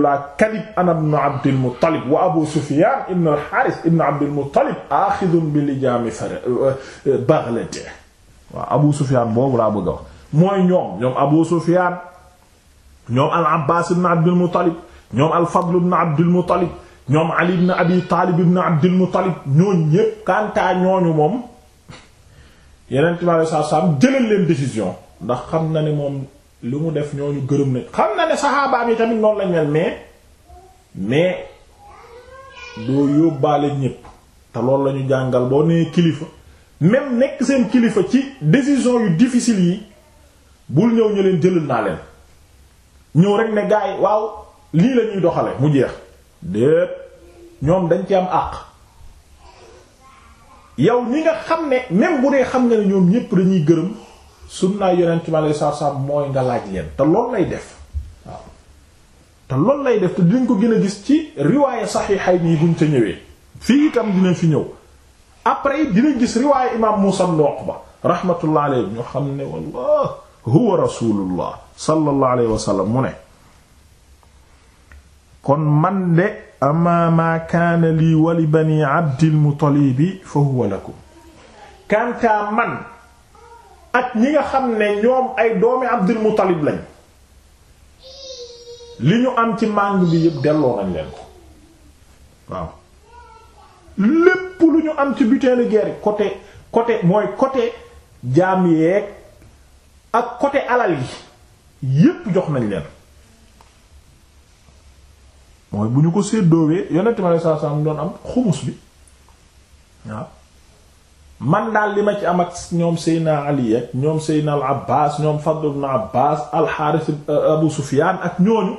la kadib ana ibn Abdil Muttalib wa Abu Sufyan ibn al-Harith ibn Abdil Muttalib bi lijaami fare eh, eh, Abu Sufyan boobu laa bëgg a mooy ñoom ñoom Abu Sufyan ñoom al-Abbas ibn Abdil Muttalib ñoom al-Fadl ibn Abdil Muttalib ñoom Ali ibn Abi Taalib ibn Abdul Muttalib ñooñ ñépp kantaa ñooñu moom yeneen time ale saa saam jëlal leen décision ndax xam na ni moom lu mu def ñooñu gërëm nañ xam na ne saxaabaam yi tamit noonu lañ mel mais mais doo yóbbaale ñépp te loolu lañu jàngal boo nee kilifa même nekk seen kilifa ci décision yu diffisil yi bul ñëw ñu leen jëlal naa leen ñëw rek ne gaay waaw lii la ñuy doxale mu jeex déet ñoom dañ ci am àq yow ñi nga xam ne même bu dee xam nga ne ñoom ñépp dañuy gërëm sunna yonent mi alayhi saa mooy nga laaj leen te loolu lay def te loolu lay def te duñ ko gën a gis ci riwaaya saxiixayn yi buñ ca ñëwee fii itam dinañ fi ñëw après dinañ gis riwaaya imaam Muusaa ibn Uqba rahmatullah alayhi ñu xam ne wallah huwa rasulullah sallallahu alayhi mu ne kon man de ama maa kaana lii wali bani abdil muttalibi fa huwa lakum kantaa man ak ñi nga xam ne ñoom ay doomi abdil muttalib lañ li ñu am ci màng bi yépp delloo nañ leen ko waaw lépp lu ñu am ci butin de guerre côté côté mooy côté jaam yeeg ak côté alal yi yépp jox nañ leen mooy bu ñu ko séddoowee yonent ma ne saa mu doon am xumus bi waaw man daal li ma ci am ak ñoom Seydina Ali ñoom Seydina al Abbas ñoom Fadl ibn Abbas al Harith Abu Sufyan ak ñooñu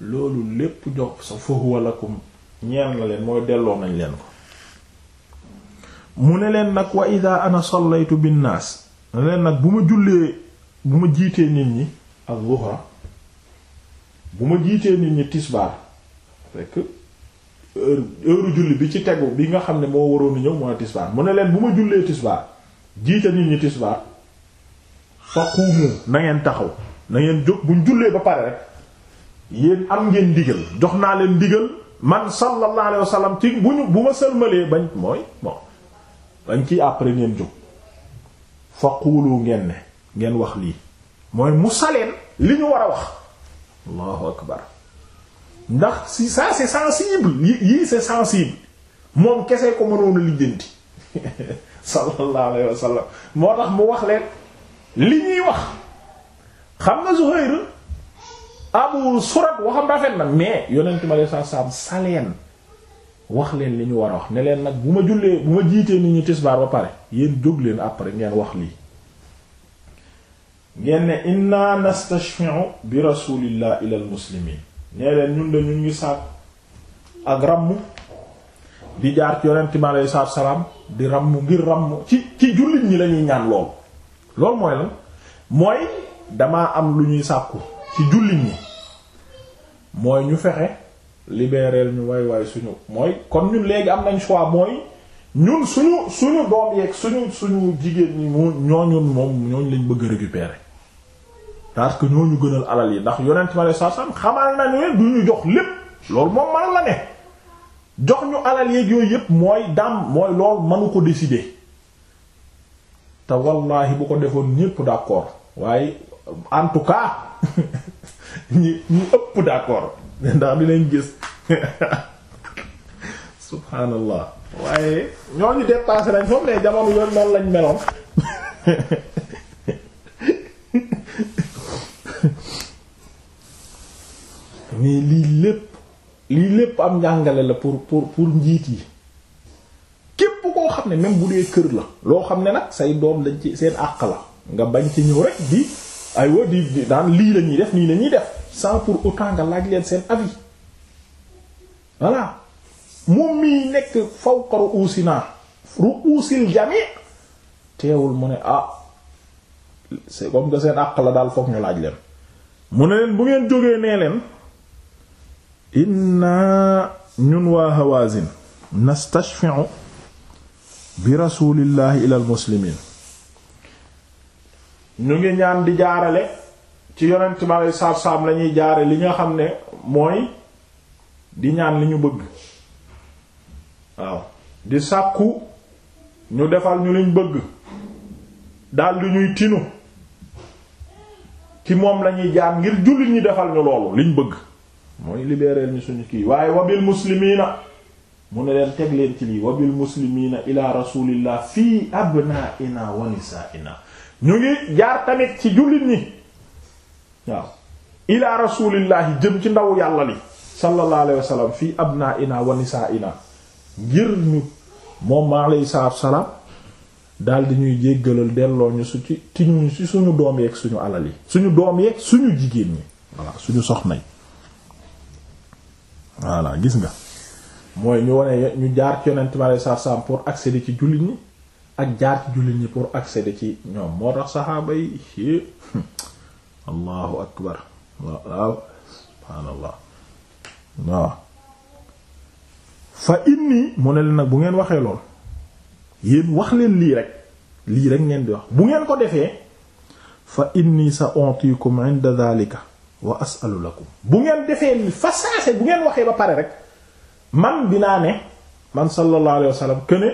loolu lépp jox sa fahuwa lakum ñeel na leen mooy delloo nañ leen ko mu ne leen nag wa ida ana sallaytu binnaas ne leen nag bu ma jullee bu ma jiitee nit ñi ak zuhra bu ma jiitee nit ñi tisbaar fekk heure heure julli bi ci tegu bi nga xam ne moo waroon ñëw mooy tisbaar mu ne leen bu ma jullee tisbaar jiite nit ñi tisbaar faqumu na ngeen taxaw na ngeen jóg buñ jullee ba pare rek yéen am ngeen ndigal jox naa leen ndigal man sallallahu alayhi wa sallam ci bu ñu bu ma sëlmalee bañ mooy bon bañ ci après ngeen jóg faquulu ngeen ne ngeen wax lii mooy mu saleen li ñu war a wax allahu akbar ndax si ça c'est sensible yi yii c'est sensible moom kese ko mënoon a lijjanti sallallahu alayhi wa moo tax mu wax leen li ñuy wax xam nga Zuhayr Abu Surat waxam rafet na mais yonentu ma lay sa saam saleen wax leen li ñu war a wax ne leen nag bu ma jullee bu ma jiitee nit ñi tisbaar ba pare yéen jóg leen après ngeen wax lii ngeen ne inna nastashfi'u bi rasulillah ila al muslimin nee leen ñun de ñu ngi sàkk ak ramm di jaar ci yonent mi aleyhi salaatu salaam di ramm ngir ramm ci ci jullit ñi lañuy ñaan lool loolu mooy lan mooy damaa am lu ñuy sàkku ci jullit ñi mooy ñu fexe libérer ñu waay waay suñu mooy kon ñun léegi am nañ choix mooy ñun suñu suñu doom yeek suñu suñu jigéen ñi mu ñooñu moom ñooñu lañ bëgg récupérer parce que ñooñu gënal alal yi ndax yonent ma ne saa sam xamal na ne du ñu jox lépp loolu moom man la ne jox ñu alal yeeg yooyu yépp mooy dam mooy lool mënu ko décider te wallaahi bu ko defoon ñépp d'accord waaye en tout cas ñi ñi ëpp d'accord ndax dinañ gis subhaanallah waaye ñooñu dépassé lañ foofu ne jamono yoon noonu lañ meloon mais lii lépp lii lépp am njàngale la pour pour pour njiit yi képp koo xam ne même bu dee kër la loo xam ne nag say doom dañ ci seen àq la nga bañ ci ñëw rek di aywa di di daan lii la ñuy def nii lañuy def sans pour autant nga laaj leen seen avis voilà moom mii nekk fow fawqa ru'usina ru'usil jami' teewul mu ne ah c'est comme que seen àq la daal foog ñu laaj leen mu ne leen bu ngeen jógee nee leen inna ñun waa hawazin nastashfi'u bi rasulillahi ila al ñu ngi ñaan di jaarale ci yonent mi alei saatu salaam la jaare li nga xam ne mooy di ñaan li ñu bëgg waaw di sàkku ñu defal ñu liñ bëgg daldi ñuy tinu ci moom lañuy jaar ngir jullit ñi defal ñu loolu liñ bëgg mooy libérer ñu suñu kii waaye wabil muslimiina mu ne leen teg leen ci lii wabil muslimiina ila rasulillah fii abna'ina wa nisa'ina ñu ngi jaar tamit ci jullit ñi waaw ila rasulillahi jëm ci ndaw yàlla li sallallahu alayhi wa sallam fii abna'ina wa nisa'ina ngir ñu moom ma alayhi salaatu salaam daal di ñuy jéggalal delloo ñu su ci ci suñu doom yeeg suñu alal yi suñu doom yeeg suñu jigéen ñi voilà suñu soxna yi voilà gis nga mooy ñu wane ñu jaar ci yonent bi saa pour accéder ci jullit ñi ak jaar ci jullit ñi pour accéder ci ñoom moo tax saxaaba yi allahu akbar waaw subhaanallah waaw fa inni mu ne leen nag bu ngeen waxee lool yéen wax leen lii rek lii rek ngeen di wax bu ngeen ko defee fa inni sa ontikum inda dhalika wa asalu lakum bu ngeen defee ni fa saase bu ngeen waxee ba pare rek man dinaa ne man sallallahu alayhi wa këne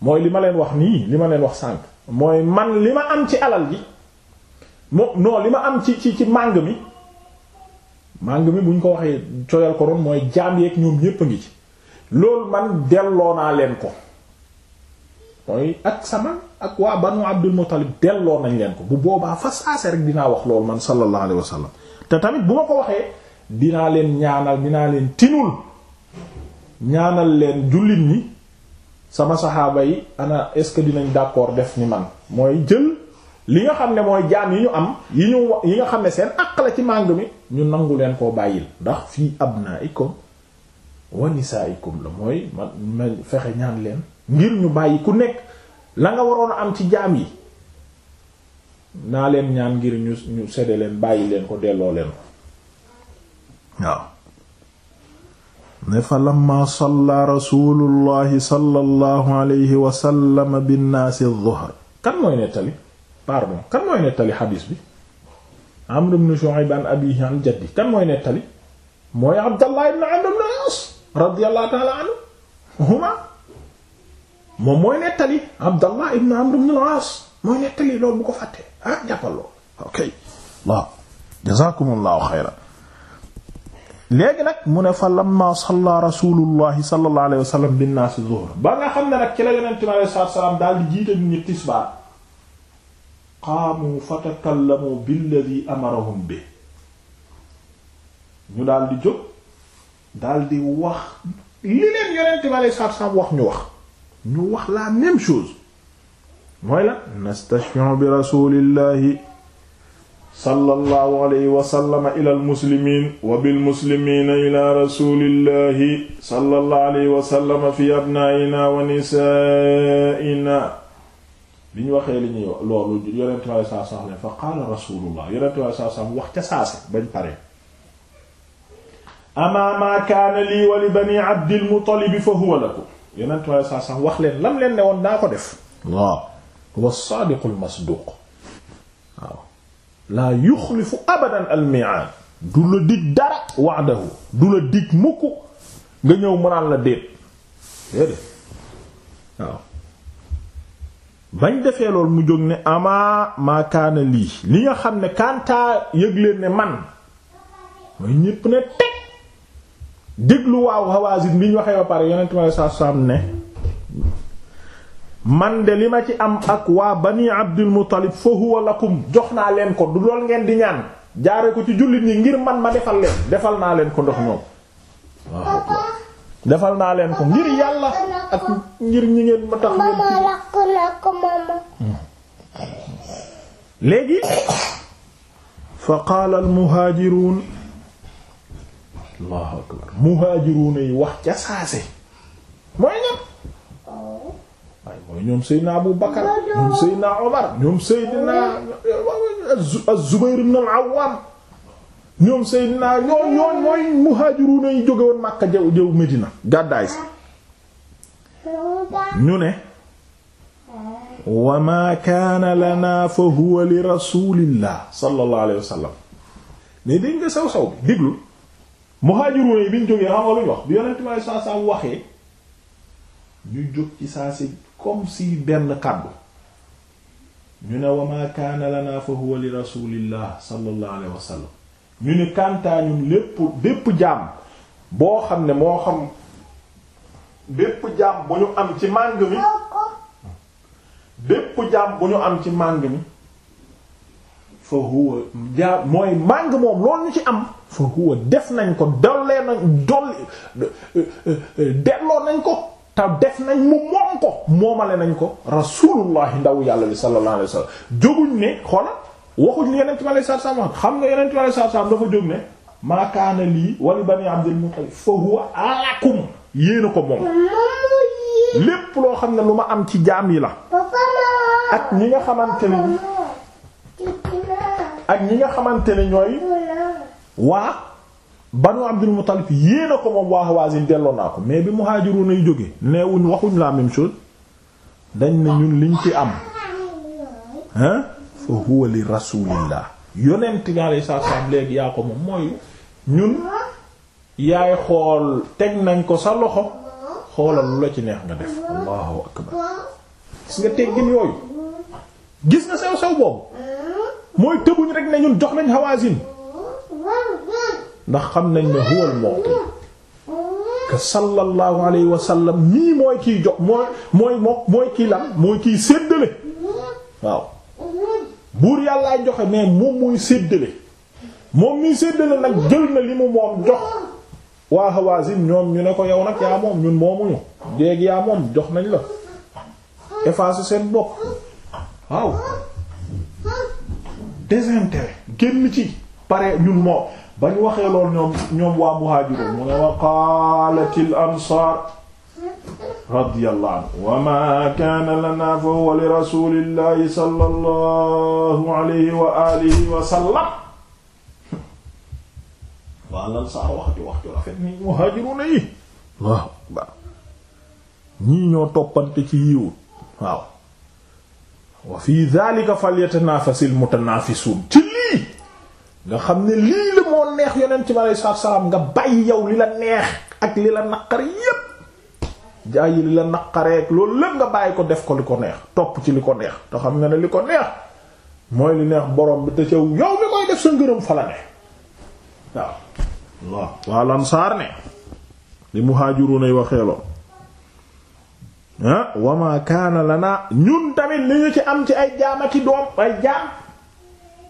mooy li ma leen wax nii li ma leen wax sànq mooy man li ma am ci alal yi mo non li ma am ci ci ci màng mi màng mi buñ ko waxee coyal ko ron mooy jaam yeeg ñoom ñépp a ngi ci loolu man delloo naa leen ko mooy ak sama ak waa banu abdul muttalib delloo nañ leen ko bu boobaa fa saase rek dinaa wax loolu man sallallahu alayhi wa sallam te tamit bu ma ko waxee dinaa leen ñaanal dinaa leen tinul ñaanal leen jullit ñi sama saxaaba yi ana est-ce que dinañ d'accord def ni man mooy jël li nga xam ne mooy jaan yi ñu am yi ñu yi nga xam ne seen àq la ci màng mi ñu nangu leen koo bàyyil ndax fii abnaikum wa nisaikum la mooy man ma fexe ñaan leen ngir ñu bàyyi ku nekk la nga waroon am ci jaam yi naa leen ñaan ngir ñu ñu sedde leen bàyyi leen ko delloo leen ko waaw ne fa lamma salla rasulullahi sallallahu alayhi wa sallam binnaasi dhuhr kan mooy nettali pardon kan mooy nettali xadiis bi Amr ibn Shu'ayb an abiihi jaddi kan mooy nettali mooy Abdallah ibn Amr ibn As radiyallahu ta'ala anhu huma moom mooy nettali Abdallah ibn Amr ibn al-As mooy nettali loolu bu ko fàttee ah jàppal loolu ok waaw jazakumullahu xayran léegi nag mu ne fa lamma salla rasulullahi sallallahu alayhi wa sallam ba nga xam ne nag ci la yonente mi alayhi daal di jiite nit ñi tisbaar qaamu fatakallamu billadi amarahum bi ñu daal di jóg daal di wax li leen yonente mi alayhi wa salaam wax ñu wax ñu wax la même chose mooy la nastashfi'u bi rasulillahi sallallahu alayhi wa sallam ila almuslimiin wa bilmuslimiina ila rasulillahi sallallahu alayhi wa sallam fi abnaa'inaa wa nisaa'inaa bi ñu waxee li ñuy wax loolu yonent bi alayhi salaatu salaam fa qaala rasulullah yonent bi alayhi salaatu salaam wax ca saase bañ pare amaa maa kaana lii wa li banii abdil muttalib fa huwa lakum yeneen trois cent wax leen lam leen ne woon daa ko def waaw wa saadiqul masduq du la dig dara wa'dahu du la dig mukk nga ñëw mënaan la déet déedéet waaw bañ defee loolu mu jóg ne ama maakaana lii li nga xam ne kantaa yëg leen ne man mooy ñépp ne teg déglu waaw Hawazin bi ñu waxee ba pare yonent ma saa saam ne man de li ma ci am ak waa bani Abdul Muttalib fa huwa lakum jox naa leen ko du lool ngeen di ñaan jaare ko ci jullit ñi ngir man ma defal leen defal naa leen ko ndox ñoom waaw defal naa leen ko ngir yàlla ak ngir ñi ngeen ma tax léegi fa qaala al muhaajiruun allahu akbar muhaajiruuna wax ca saase mooy ñam waaye mooy ñoom seydina abu bakar ñoom seydina omar ñoom seydina euh, az-zubayr ibn al-awwam ñoom seydina yoon yoon mooy muhaajiruuna yi jóge woon makka medina gàddaay ñu ne wa maa kaana lanaa fa huwa li rasuulillah sallallahu alayhi wa sallam mais dégg nga saw saw bi déglu muhaajiruun yi bi ñu jógee xam nga ñu wax bi yonent bi saa saa waxee ñu jóg ci saa si comme si benn kàddu ñu ne wa maa kaana lanaa fa huwa li rasuulillah sallallahu alayhi ñu ne kantaa lépp bépp jaam boo xam ne moo xam bépp jaam bu ñu am ci màng mi bépp ñu am ci màng mi fa huwa jaam mooy màng moom loolu ñu ci am fa def nañ ko dollee nañ dolli delloo nañ ko te def nañ mu moom ko moomale nañ ko rasulullah ndaw yàlla li sallallahu alayhi wasallam jóguñ ne xoola waxuñ li yonent mi alayhi salaam wax xam nga yonent mi alayhi salaam dafa jóg ne maa lii wali bani abdul muttalib fa huwa yéena ko moom lépp loo xam ne lu ma am ci jaam yi la ak ñi nga xamante ne ak ñi nga xamante ne ñooy waa banu Abdul Muttalib yéena ko moom waa Hawazin delloo naa ko mais bi mu muhaajiruun ay jóge neewuñ waxuñ la même chose dañ na ñun liñ ci am hein fa huwa li rasulillah yonent bi alayhi moom mooy ñun yaay xool teg nañ ko sa loxo xoolal la ci neex nga def allahu akbar gis nga teggin yooyu gis nga sew sew boobu mooy tëbuñ rek ne ñun jox nañ Hawazin ndax xam nañ ne huwal mu'ti que sallallahu alayhi wa sallam nii mooy kiy jox mooy mooy mooy kiy lan mooy kiy séddale waaw buur yàllaay joxe mais moom muy séddale moom muy séddale nag jël na li mu moom jox waa Hawazin ñoom ñu ne ko yow nag yaa moom ñun moomuñu léegi yaa moom jox nañ la effacer seen bopp waaw désintérêt génn ci pare ñun moom bañ waxee lool ñoom ñoom waa muhaajiroon mu ne wa qaalatil ansaar radiyallahu anhu wa ma kaana lana fa huwa li rasulillahi sallallahu alayhi wa alihi wa sallam waa lansaar wax ju wax ju rafet ni muhaajiroona yi waaw waaw ñii ñoo toppante ci yiwut waaw wa fi dhalika falyatanafasil mutanafisun ci lii nga xam ne lii la moo neex yonent ci aleyhi salaatu salaam nga bàyyi yow li la neex ak li la naqare yépp jaayi li la naqareek loolu lépp nga bàyyi ko def ko li ko neex topp ci li ko neex te xam nga ne li ko neex mooy li neex borom bi te ca yow mi koy def sa ngërëm fa la ne waaw waaw waa lansaar ne li muhaajiruuna yi waxeeloon ah wama kaana lana ñun tamit li ñu ci am ci ay jaam ak i doom ay jaam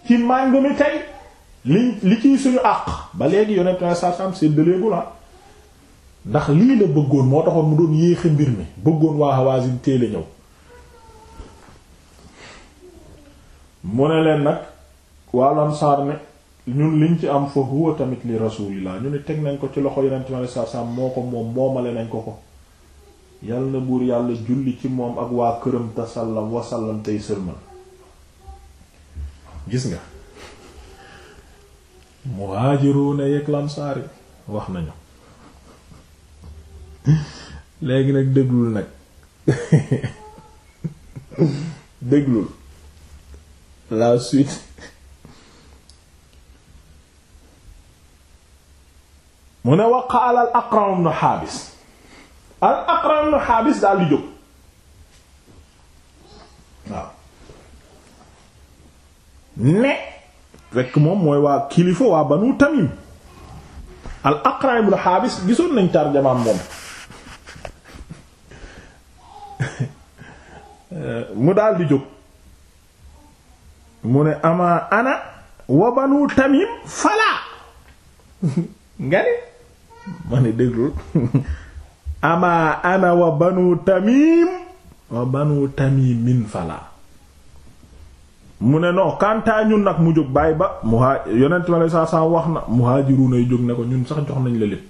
ci màng mi tey li li ciy suñu àq ba léegi yonent na sarsam séddaleegul ah ndax lii la bëggoon moo taxoon mu doon yéexe mbir mi bëggoon waa Hawazin téele ñëw mu ne leen nag wàllan saar ne ñun liñ ci am fa huwa tamit li rasulillah ñu ne teg nañ ko ci loxo yonent na sarsam moo ko moom moomale nañ ko ko yàlla na buur yàlla julli ci moom ak waa këram tasallam wasallam tey sëlmal gis nga muhaajiruuna yeeg lamsaar yi wax nañu léegi nag déglul nag déglul la suite mu ne wa qaala al Aqra' ibn Haabis al Aqra' ibn daal di jóg waaw ne rekk moom mooy waa kilifa waa banu tamim al aqra ibn xaabis gisoon nañ tarjamaam moom mu daal di jóg mu ne ama ana wa banu tamim fala nga ne ma ne déglul ama ana wa banu tamim wa banu tamimin fala mu ne non kantaa ñun nag mu jóg bàyyi ba muha yonent ma lay saa saa wax na muhaajiruuna nay jóg ne ko ñun sax jox nañ la lépp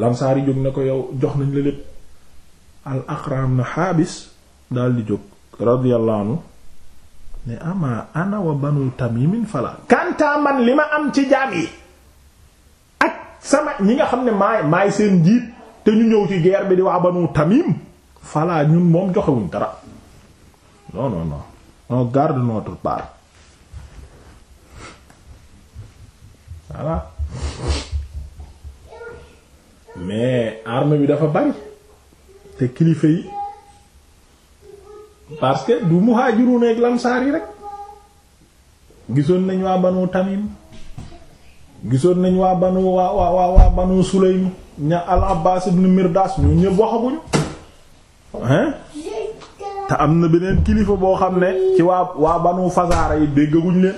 lamsaar yi jóg ne ko yow jox nañ la lépp al na xaabis daal di jóg radiyallahu anhu ne ama ana wa banu tamimin fala kantaa man li ma am ci jaam yi ak sama ñi nga xam ne maay maay seen njiit te ñu ñëw ci guerre bi di waa banu tamim falaa ñun moom joxewuñ dara non non on garde notre part voilà mais arme bi dafa bari te kilifa yi parce que du muhaajiruun ak lamsaar yi rek gisoon nañ waa banu tamim gisoon nañ waa banu waa waa waa banu sulaym ña al abbas ibn ñu ñëpp waxaguñu hein te am na beneen kilifa boo xam ne ci waa waa banu fasaara yi déggaguñ leen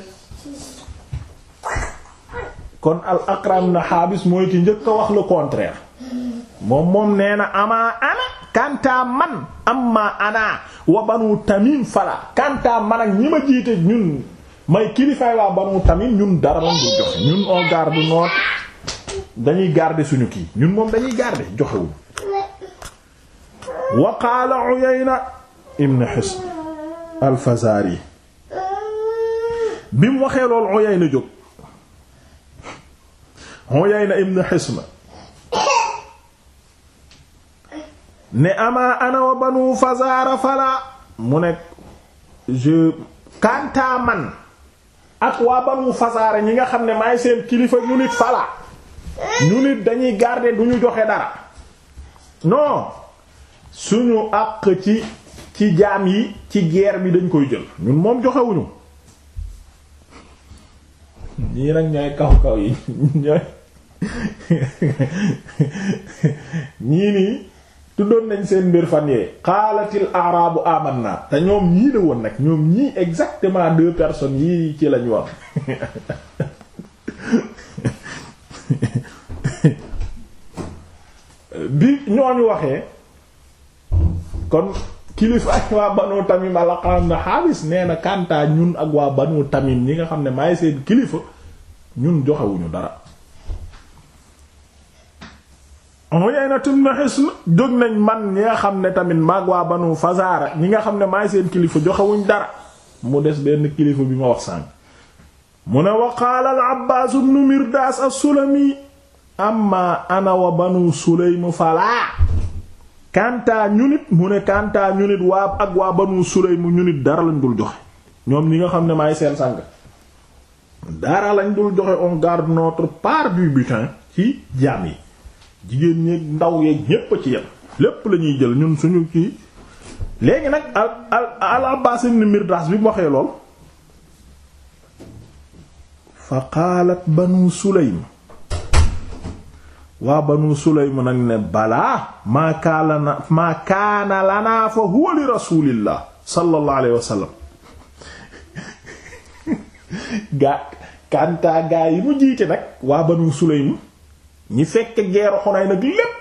kon al akram na xaabis mooy ki njëkk a wax le contraire moom moom nee na amaa ana kantaa man amma ana wa banu tamim fala kantaa man ak ñi ma jiite ñun may kilifaay waa banu tamim ñun dara man joxe ñun on garde noot dañuy garder suñu kii ñun moom dañuy garder joxewul wa qaala Uyayna ibn Hisn al-Fazari bi mu waxee lool Uyayna jóg Uyayna ibn Hisn ne ama ana wa banu Fazara mu nekk je man ak waa banu Fazara ñi nga xam ne maay seen kilifa ñu nit fala ñu nit dañuy garder du ñu joxe dara non suñu àq ci ci jaam yi ci guerre bi dañ koy jël ñun moom joxewuñu ñii nag ñooy kaw kaw yi ñooy ñii nii tuddoon nañ seen mbir fan yee xaalatil arabu aman na te ñoom ñii la woon nag ñoom ñii exactement deux personnes yii ci lañ wax bi ñooñu waxee kon kilifa ak waa banu tamim alaqam na xaalis nee na kantaa ñun ak waa banu tamim ñi nga xam ne maay seen kilifa ñun joxewuñu dara nañ man ñi xam ne tamit maag waa banu Fazaara xam ne maay kilifa joxewuñ mu des benn kilifa bi ma wax sànq mu ne wa qaala al Mirdaas as-Sulami amma ana banu Sulaym falaa kantaa ñu nit mu ne kantaa ñu nit waa ak waa banu Sulaym mu ñu nit dara lañ dul joxe ñoom li nga xam ne maay seen sàng dara lañ dul joxe on garde notre part du butin ci jaam yi jigéen ñeeg ndaw yeeg ñépp a ci yem lépp lañuy jël ñun suñu kii léegi nag al al al Abbaas Mirdaas bi mu waxee lool fa qaalat banu Sulaym waa banu sulaym nag ne balaa maa kaana lana maa kaana lanaa fa huwa li rasulillah sallallahu alayhi wa gaa kantaa gaa yi mu jiite nag waa banu sulaym ñi fekk geeru Xunayn nag lépp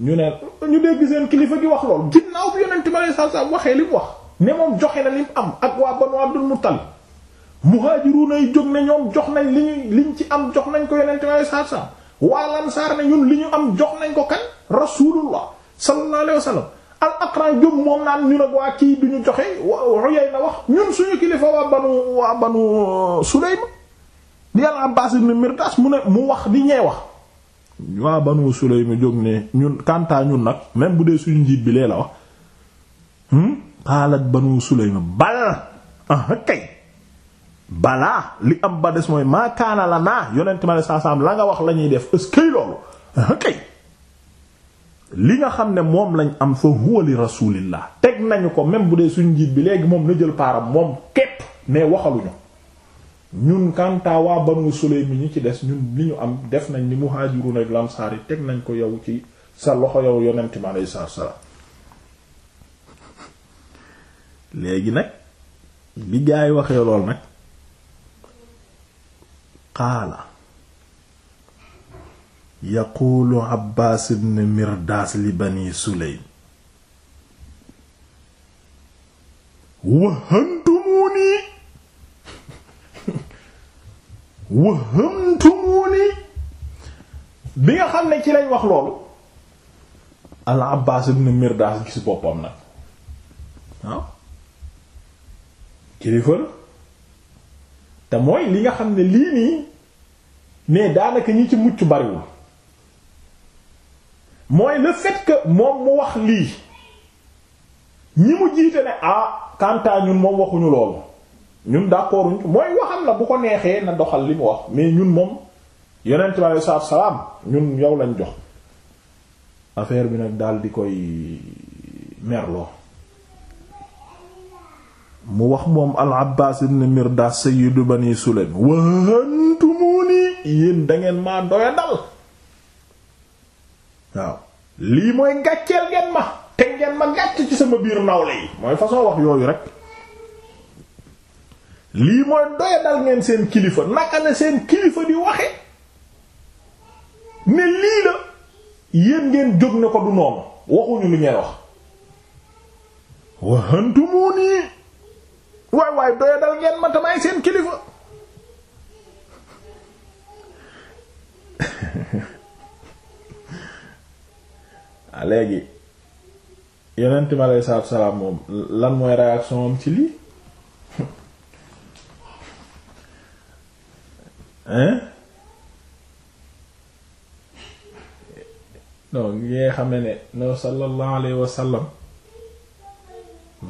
ñu ne ñu dégg seen kilifa gi wax lool ginnaaw bi yonent bi alayhi salaam waxee li mu wax ne moom joxe na li mu am ak waa banu Abdul Muttalib muhaajiruun ay jóg ne ñoom jox nañ li liñ ci am jox nañ ko yonent bi alayhi salaam waa lansaar ne ñun li ñu am jox nañ ko kan rasulullah sallallahu alayhi wasallam al aqran jub moom naan ñu ne waa kii du ñu joxe waa waa banu Sulaym di al Abbas ibn mu ne mu wax di ñee wax waa banu Sulaym jóg ne ñun kantaa ñun nag même bu dee suñu njiit bi lee la wax hmm? qaalat banu Sulaym bal ah kay balaa li am ba des mooy maakaana la naa yonent ma ne la nga wax la ñuy def est-ce que loolu kay li nga xam ne moom lañ am fa huwa li rasulillah teg nañu ko même bu dee suñu njiit bi léegi moom na jël paaram moom képp mais waxaluñu ñun kanta waa banu Sulaym mi ñu ci des ñun li ñu am def nañ ni muhajirun ak lamsaar yi teg nañ ko yow ci sa loxo yow yonent mi aleyhi salaatu salaam léegi nag bi yi waxee loolu nag qaala yaquulu abbaas ibn mirdaas li bani suleym wahamtumuuni wahamtumuuni bi nga xam ne ci lañ wax loolu al abbaas ibn mirdaas gis boppam nag waaw ah? te mooy li nga xam ne lii nii mais daanaka ñi ci mucc bariwul mooy le fait que moom mu wax lii ñi mu jiite ne ah kanta ñun moom waxuñu loolu ñun d'accord mooy waxam la bu ko neexee na doxal li mu wax mais ñun moom yonent bi salaam ñun yow lañ jox affaire bi nag daal di koy merloo mu wax moom al abbaas ibn mirdaas sayyidu bani sulaym wahantumuni yéen dangeen maa doya dal waaw lii mooy gàcceel ngeen ma te ngeen ma gàcc ci sama biir nawle yi mooy façon wax yooyu rek lii mooy doya dal ngeen seen kilifa naka la seen kilifa di waxe ne lii la yéen ngeen jóg ne ko du noonu waxuñu lu ñuy wax wahantumuni waay waay doya dal ngeen ma tamaay seen kilifa a ah, léegi yonent mi aleyhi salaam moom lan mooy réaction am ci lii hein non ngi nga xam ne no sallallahu alayhi wa sallam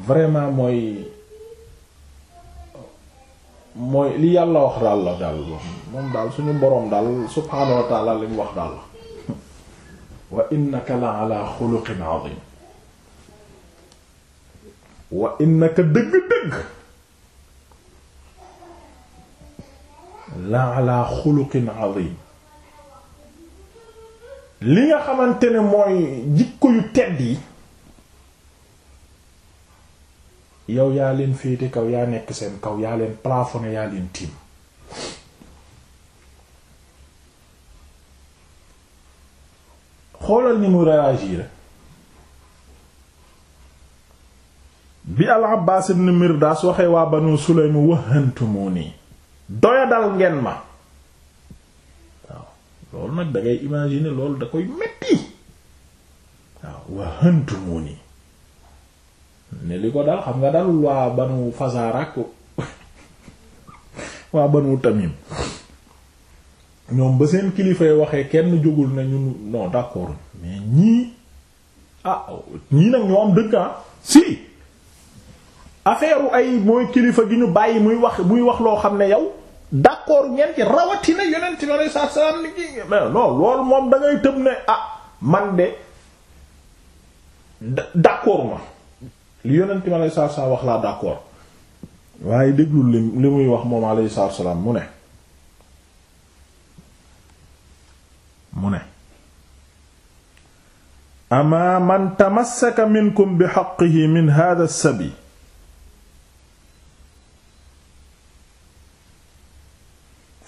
vraiment mooy mooy li yàlla wax daal la daal moom daal suñu boroom daal subhaanahu wa taala li mu wax daal la wa innaka la ala xuluqin azim wa innaka dëgg-dëgg la ala xuluqin azim li nga xamante ne mooy jikko yu tedd yi yow yaa leen féete kaw yaa nekk seen kaw yaa leen plafonné yaa leen tiim xoolal ni mu réagir bi al Abbaas ibn Mirdaas waxee waa Banu Sulaym wahantumuni doyadal ngeen ma waaw loolu nag da ngay loolu da koy metti waaw wahantumuni ne li ko dal xam nga dalul waa banu fasarak waa banu tamim ñoom ba seen kilifa waxee kenn jógul nañu ñun non d'accord mais ñii ah ñii nag ñoo am dëgg ah, si affaire ay mooy kilifa gi ñu bàyyi muy wax muy wax loo xam ne yow d'accord ngeen ci rawatina yonent bi alayhi salaam ni gi mais non loolu moom da ngay tëb ne ah man de d'accord ma li yonent mi alayhi salaatu wa salaam wax laa d'accord waaye déglul li li muy wax moom alayhi salaatu wa salaam mu ne mu ne amaa man tamassaka minkum bi haqqihi min hadha as-sabi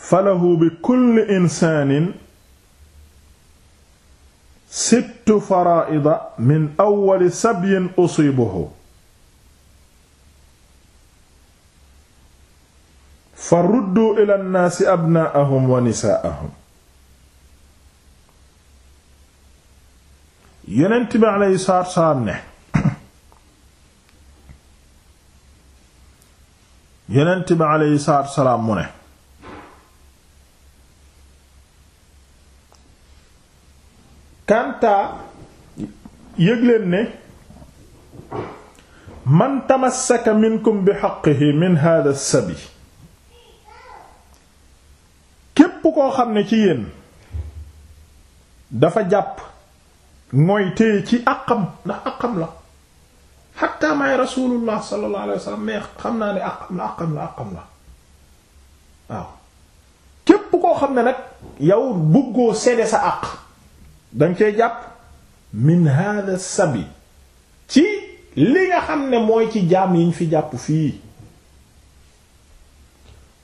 falahu bi kulli insaanin sittu faraa'ida min awwali sabyin usiibuhu fa ruddu ila nnaasi abnaahum wa nisaahum yonent bi aleyhi salaatu salaam ne yonent bi aleyhi salaatu salaam mu ne kantaa yëgleen ne man tamassaka minkum bi haqqihi min hada sabi koo xam ne ci dafa jàpp mooy téye ci àqam ndax la xatta maay rasulullah sallallahu alayhi wasallam xam naa ne àqam la àqam la képp koo xam ne nag yow bëggoo seede sa àq danga koy jàpp min hadha sabi ci li nga xam ne mooy ci jaam yiñ fi jàpp fii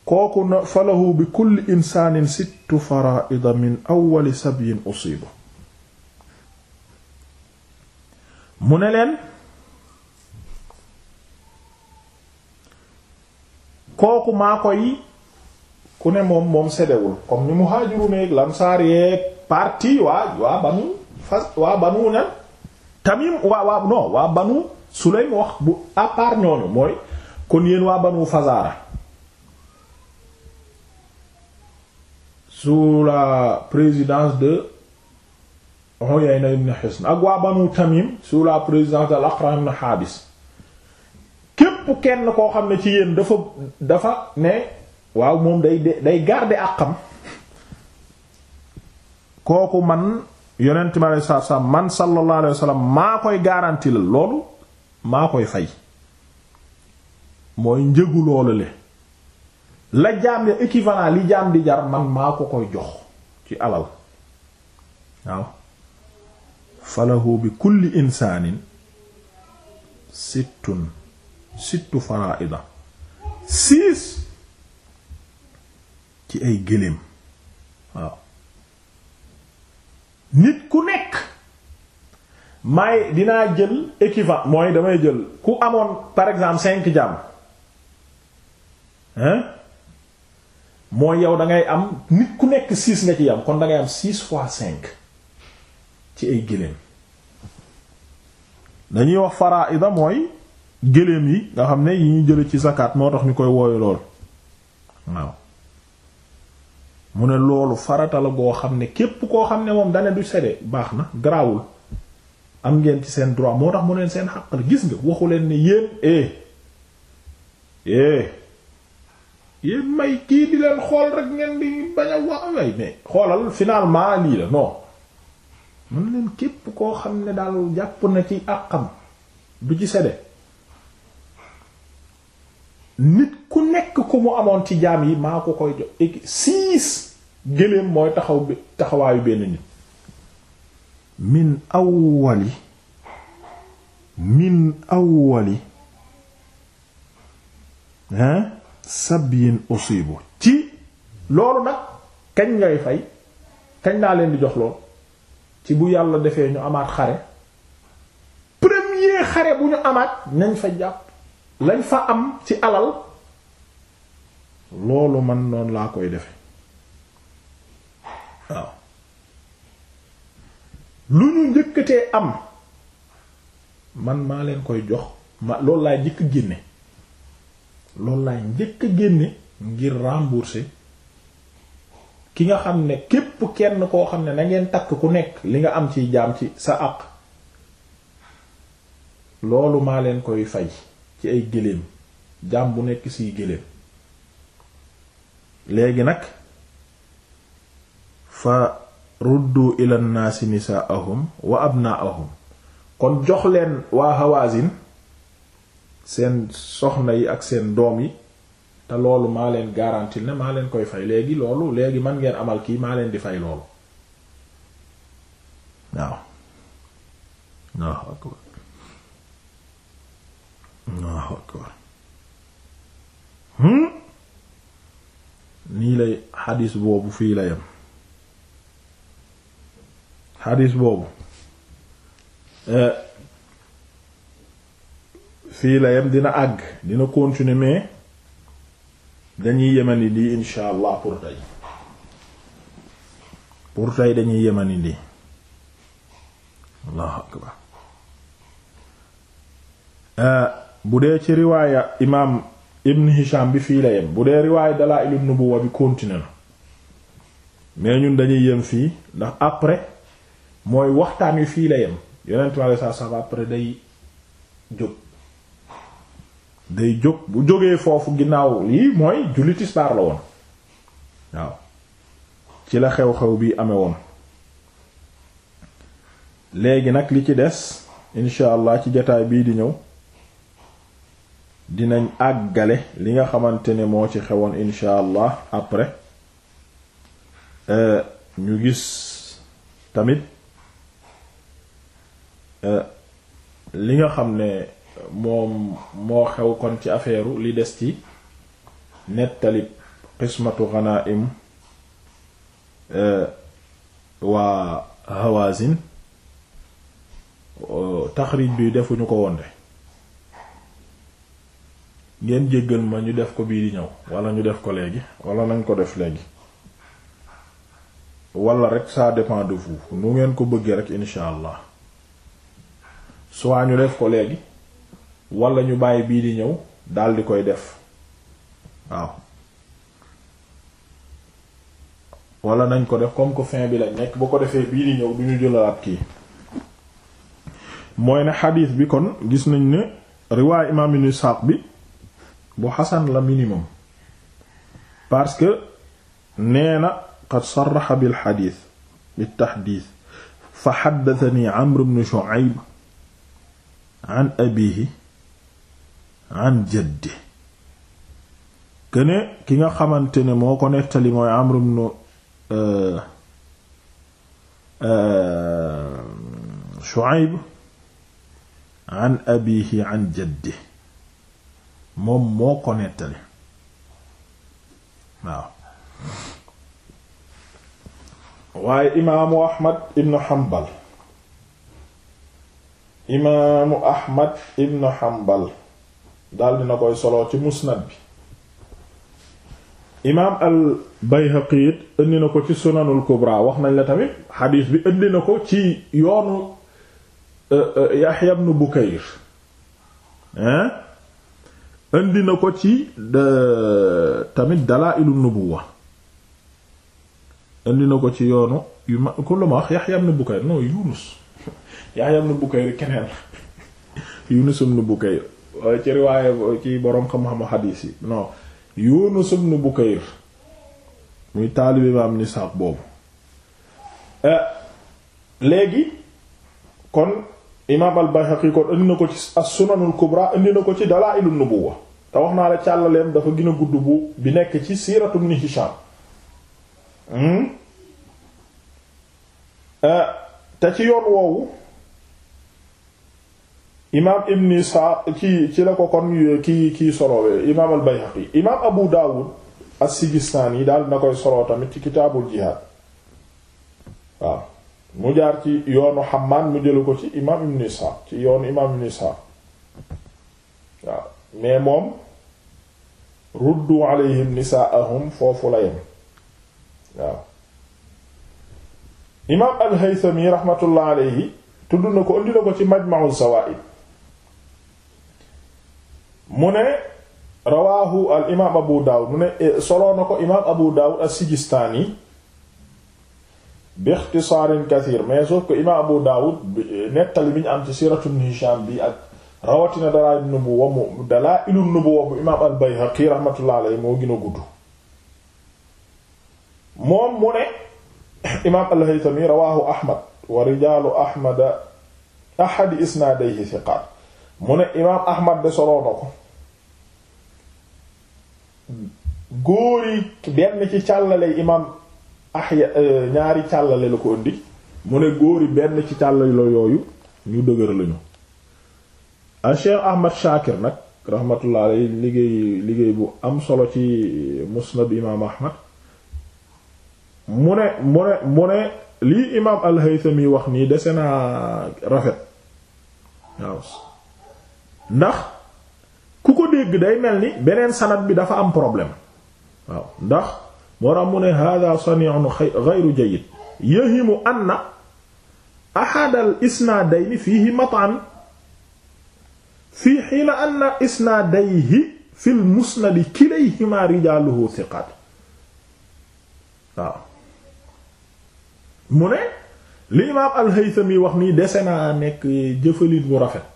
kooku na falahu bi kulli insaanin sittu fara'ida min awwali sabyin usiba mu ne leen kooku maa koy ku ne moom moom sedewul comme ni muhaajiruun ak lamsaar yeeg parti waa waa banu fas waa banu na tamim waa waa non waa banu wax bu à part ñooñu mooy kon yéen waa banu fazaara su la présidence de Uyayna ibn Hisn ak waa Banu Tamim sous la présidence de al-Aqra ibn Habis képp kenn koo xam ne ci yéen dafa dafa ne waaw moom day day garder àqam kooku man yonent mi alayhi salaatu man sallallahu alayhi wa sallam maa koy garanti la loolu maa koy fay mooy njëgu loolu le la jaam ya équivalent li jaam di jar man maa ko koy jox ci alal waaw falahu bi kulli insaanin sittun sittu faraida six ci ay gëléem waaw nit ku nekk may dinaa jël équivalent mooy damay jël ku amoon par exemple cinq jaam hein moo yow dangay am nit ku nekk six nga ci am kon da ngay am six fois cinq ci ay gëléem dañuy wax faraida mooy gëléem yi nga xam ne yi ñu jële ci zakat moo tax ñu koy wooyu lool waaw mu ne loolu farata la goo xam ne képp koo xam ne moom dane du sede baax na garaawul am ngeen ci seen droit moo tax mu neen seen xàq la gis nga waxu leen ne yéen eh, eh. yéen may kii di leen xool rek ngeen di bañ a wax way mais xoolal finalement lii la non mën leen képp koo xam ne daal jàpp na ci àqam du ci sede nit ku nekk ku mu amoon ci jaam yi maa ko koy jox et siis gëléem mooy taxaw taxawaayu benn nit min awwali min awwali hein sabyin usibu ci loolu nag kañ ngay fay kañ laa leen di jox lool ci bu yàlla defee ñu amaat xare premier xare bu ñu amaat nañ fa jàpp lañ fa am ci alal loolu man noonu laa koy defe waaw lu ñu njëkkatee am man maa leen koy jox ma loolu laay jëkk génne loolu laay njëkk a génne ngir rembourser ki nga xam ne képp kenn koo xam ne na takk ku nekk li nga am ci jaam ci sa àq loolu maa leen koy fay ci ay gëléem jaam bu nekk siy gëléem léegi nag fa ruddu ila nnaasi nisaahum wa abnaahum kon jox leen waa Hawazin seen soxna yi ak seen doom yi te loolu maa leen garantie ne maa leen koy fay léegi loolu léegi man ngeen amal kii maa leen di fay loolu waaw Allahu akbar Allahu akbar hmm? nii lay xadis boobu fii la yem xadis boobu eh, fii la dina àgg dina continuer mais dañuy yemani lii insha pour tey pour tey dañuy yemani lii allahu akbar euh, bu dee ci riwaaya imaam ibn hisham bi fii bu dee riwaaya dalaa'il an-nubuwwa bi continuer mais ñun dañuy yem fii ndax après mooy waxtaan wi fii la yem yonent mi sallallahu alayhi après day jóg day jóg bu jógee foofu ginnaaw lii mooy julli tisbaar la woon waaw ci la xew-xew bi amee woon léegi nag li ci des incha allah ci jataay bii di ñëw dinañ àggale li nga xamante ne moo ci xewoon incha allah après euh, ñu gis tamit euh, li nga xam ne moom moo xew kon ci affaire li des ci nettali qismatu ghanaim eh, waa Hawazin eh, taxrij bi defuñu ko wonde ngeen jéggal ma ñu def ko bii di ñëw wala ñu def ko léegi wala nañ ko def léegi wala rek ça dépend de vous nu ngeen ko bëggee rek incha allah soit ñu def ko léegi wala ñu bàyyi bii di ñëw dal di koy def waaw wala nañ ko def comme que fin bi lañ nekk bu ko defee bii di ñëw du ñu jëlaat ki mooy ne xadiis bi kon gis nañ ne riwaay imaam ibn Isaaq bi bu xasan la minimum parce que nee na qad sarraxa bil xadiis bi taxdiis fa xaddatani Amr ibn Shu'ayb an abiihi an jaddi ki nga xamante ne moo ko nettali mooy Amr ibn euh, euh, Shu'ayb an abiihi an jaddi moom moo ko nettali waaw waaye imaamu Ahmad ibn Hanbal imaamu Ahmad ibn Hanbal daal dina koy soloo ci musnad bi imaam al bayhaqi indi na ko ci sunanul kubra wax nañ la tamit xadiis bi indi na ko ci yoonu eh, eh, yaxya ibn bukayr hein indi na ko ci tamit dalaa'ilu nubuwa ko ci yoonu yu ma ku ma wax yaxya ibn bukayr non yunus yaxya ibn bukayr keneen yunus ibn bukayr ci riwaaye ci boroom xam-xamu xadiis yi non Yunus ibn Bukayr muy taalibe imaam nisaaq boobu eh, léegi kon imaam al-Bayhaqi indi na ko ci as-Sunanul Kubra indi na ko ci Dalaa'ilun Nubuwwa te wax naa la càllaleem dafa gën gudd bu bi nekk ci siiratu Ibn Hishaam hmm? eh, te ci yoon woowu imaam Ibn Isxaaq ci ci la ko kon eh, ki kii solowee imaam al-Bayhaqi imaam Abu Daawud as-Sijistaani yi daal na koy soloo tamit ci kitaabul jihaad waaw mu jaar ci yoonu Hammaad mu jëlu ko ci imaam Ibn Isxaaq ci yoonu imaam Ibn Isxaaq waaw mais moom ruddu alayhim nisaa'ahum foofu la yem waaw imaam al-Haythami rahmatullah alayhi tudd na ko indi na ko ci Majma'u Zawaa'id mu ne rawaahu al imaam abu daawud mu e, imaam abu daawud as-sijistaani bi ixtisaarin kathir mais sauf que imaam abu daawud e, nettali bi am ci siiratu ibn bi ak rawatina dalaa'ilu nubuwwa mu dalaa'ilu nubuwwa bu imaam al bayhaqi rahmatullah alayhi moo gën a moom mu imaam al haythami rawaahu ahmad wa rijaalu ahmad ahadi isnaadayhi thiqaat mu imaam ahmad de soloo góori benn ci càllale imam ahya euh, ñaari càllale la ko indi mu ne góori benn ci càllale la yooyu ñu dëgër lañu a Cheikh Ahmad Shakir nag rahmatullah alayhi liggéey liggéey bu am solo ci musnad imaam Ahmad mu ne mu ne mu ne lii imaam al-Haythami wax nii dese naa rafet waaw ndax ku ko dégg day mel ni beneen sanad bi dafa am problème waaw ndax moo tax mu ne hada sani'un ghayru jayyid yahimu anna ahad al isnadayni fihi matan fii hiina anna isnadayhi fil musnadi kilayhima rijaluhu thiqat waaw mu ne li imaam al-Haythami wax mi dese naa nekk jëfalin bu rafet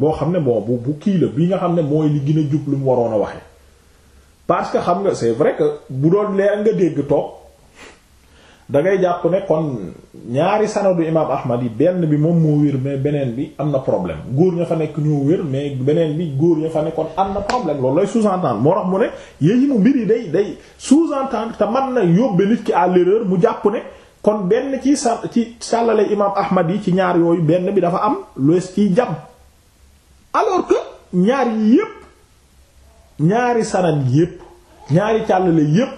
boo xam ne bon bu bu kii la bi nga xam ne mooy li gën jub lu mu waroon a waxee parce que xam nga c'est vrai que bu doon leer nga dégg toog da ngay jàpp ne kon ñaari sanadu imaam Ahmad yi benn bi moom moo wér mais beneen bi am na problème góor ña fa nekk ñoo wér mais beneen bi góor ña fa nekk kon am na problème loolu lay sous-entendre moo tax mu ne yéen mu mbir yi day day sous-entendre te mën na yóbbee nit ki à l'erreur mu jàpp ne kon benn ci sa ci sàllale imaam Ahmad yi ci ñaar yooyu benn bi dafa am lu ciy jàpp. alors que ñaar yépp ñaari sanad yépp ñaari càllale yépp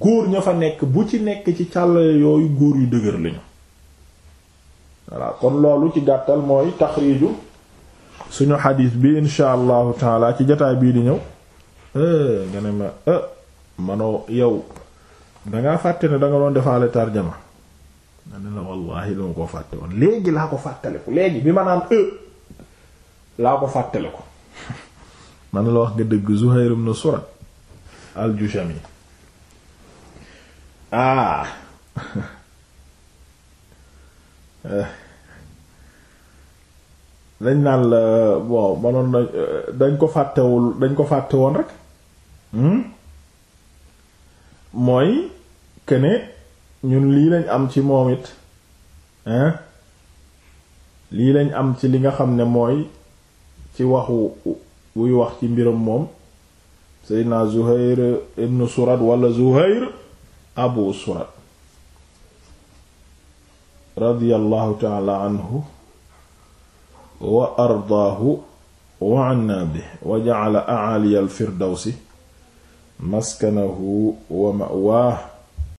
góor ña fa nekk bu ci nekk ci càllale yooyu góor yu dëgër lañu voilà kon loolu ci gàttal mooy taxriiju suñu xadiis bi insha allahu taala ci jotaay bii di ñëw nga ne ma manoo yow dangaa fàtte ne danga doon defaale tarjama nga ne la wallaahi dama ko fàtte woon léegi laa ko fàttaliku léegi bi ma naan laa ko fàttale ko man la wax nga dëgg Zuhayr ibn Surat al-Jushami ah dañ naan la bon manoon dañ ko fàttewul dañ ko fàtte woon rek hmm? mooy këne ñun lii lañ am ci moom it lii lañ am ci li nga xam ne mooy ci waxu buy wax ci mbiram moom seydna zuhair ibn surad wala zuhair abu surad radiyallahu taala anhu wa ardaahu wa anna bi wa ja'ala a'ali al-firdawsi maskanahu wa ma'waahu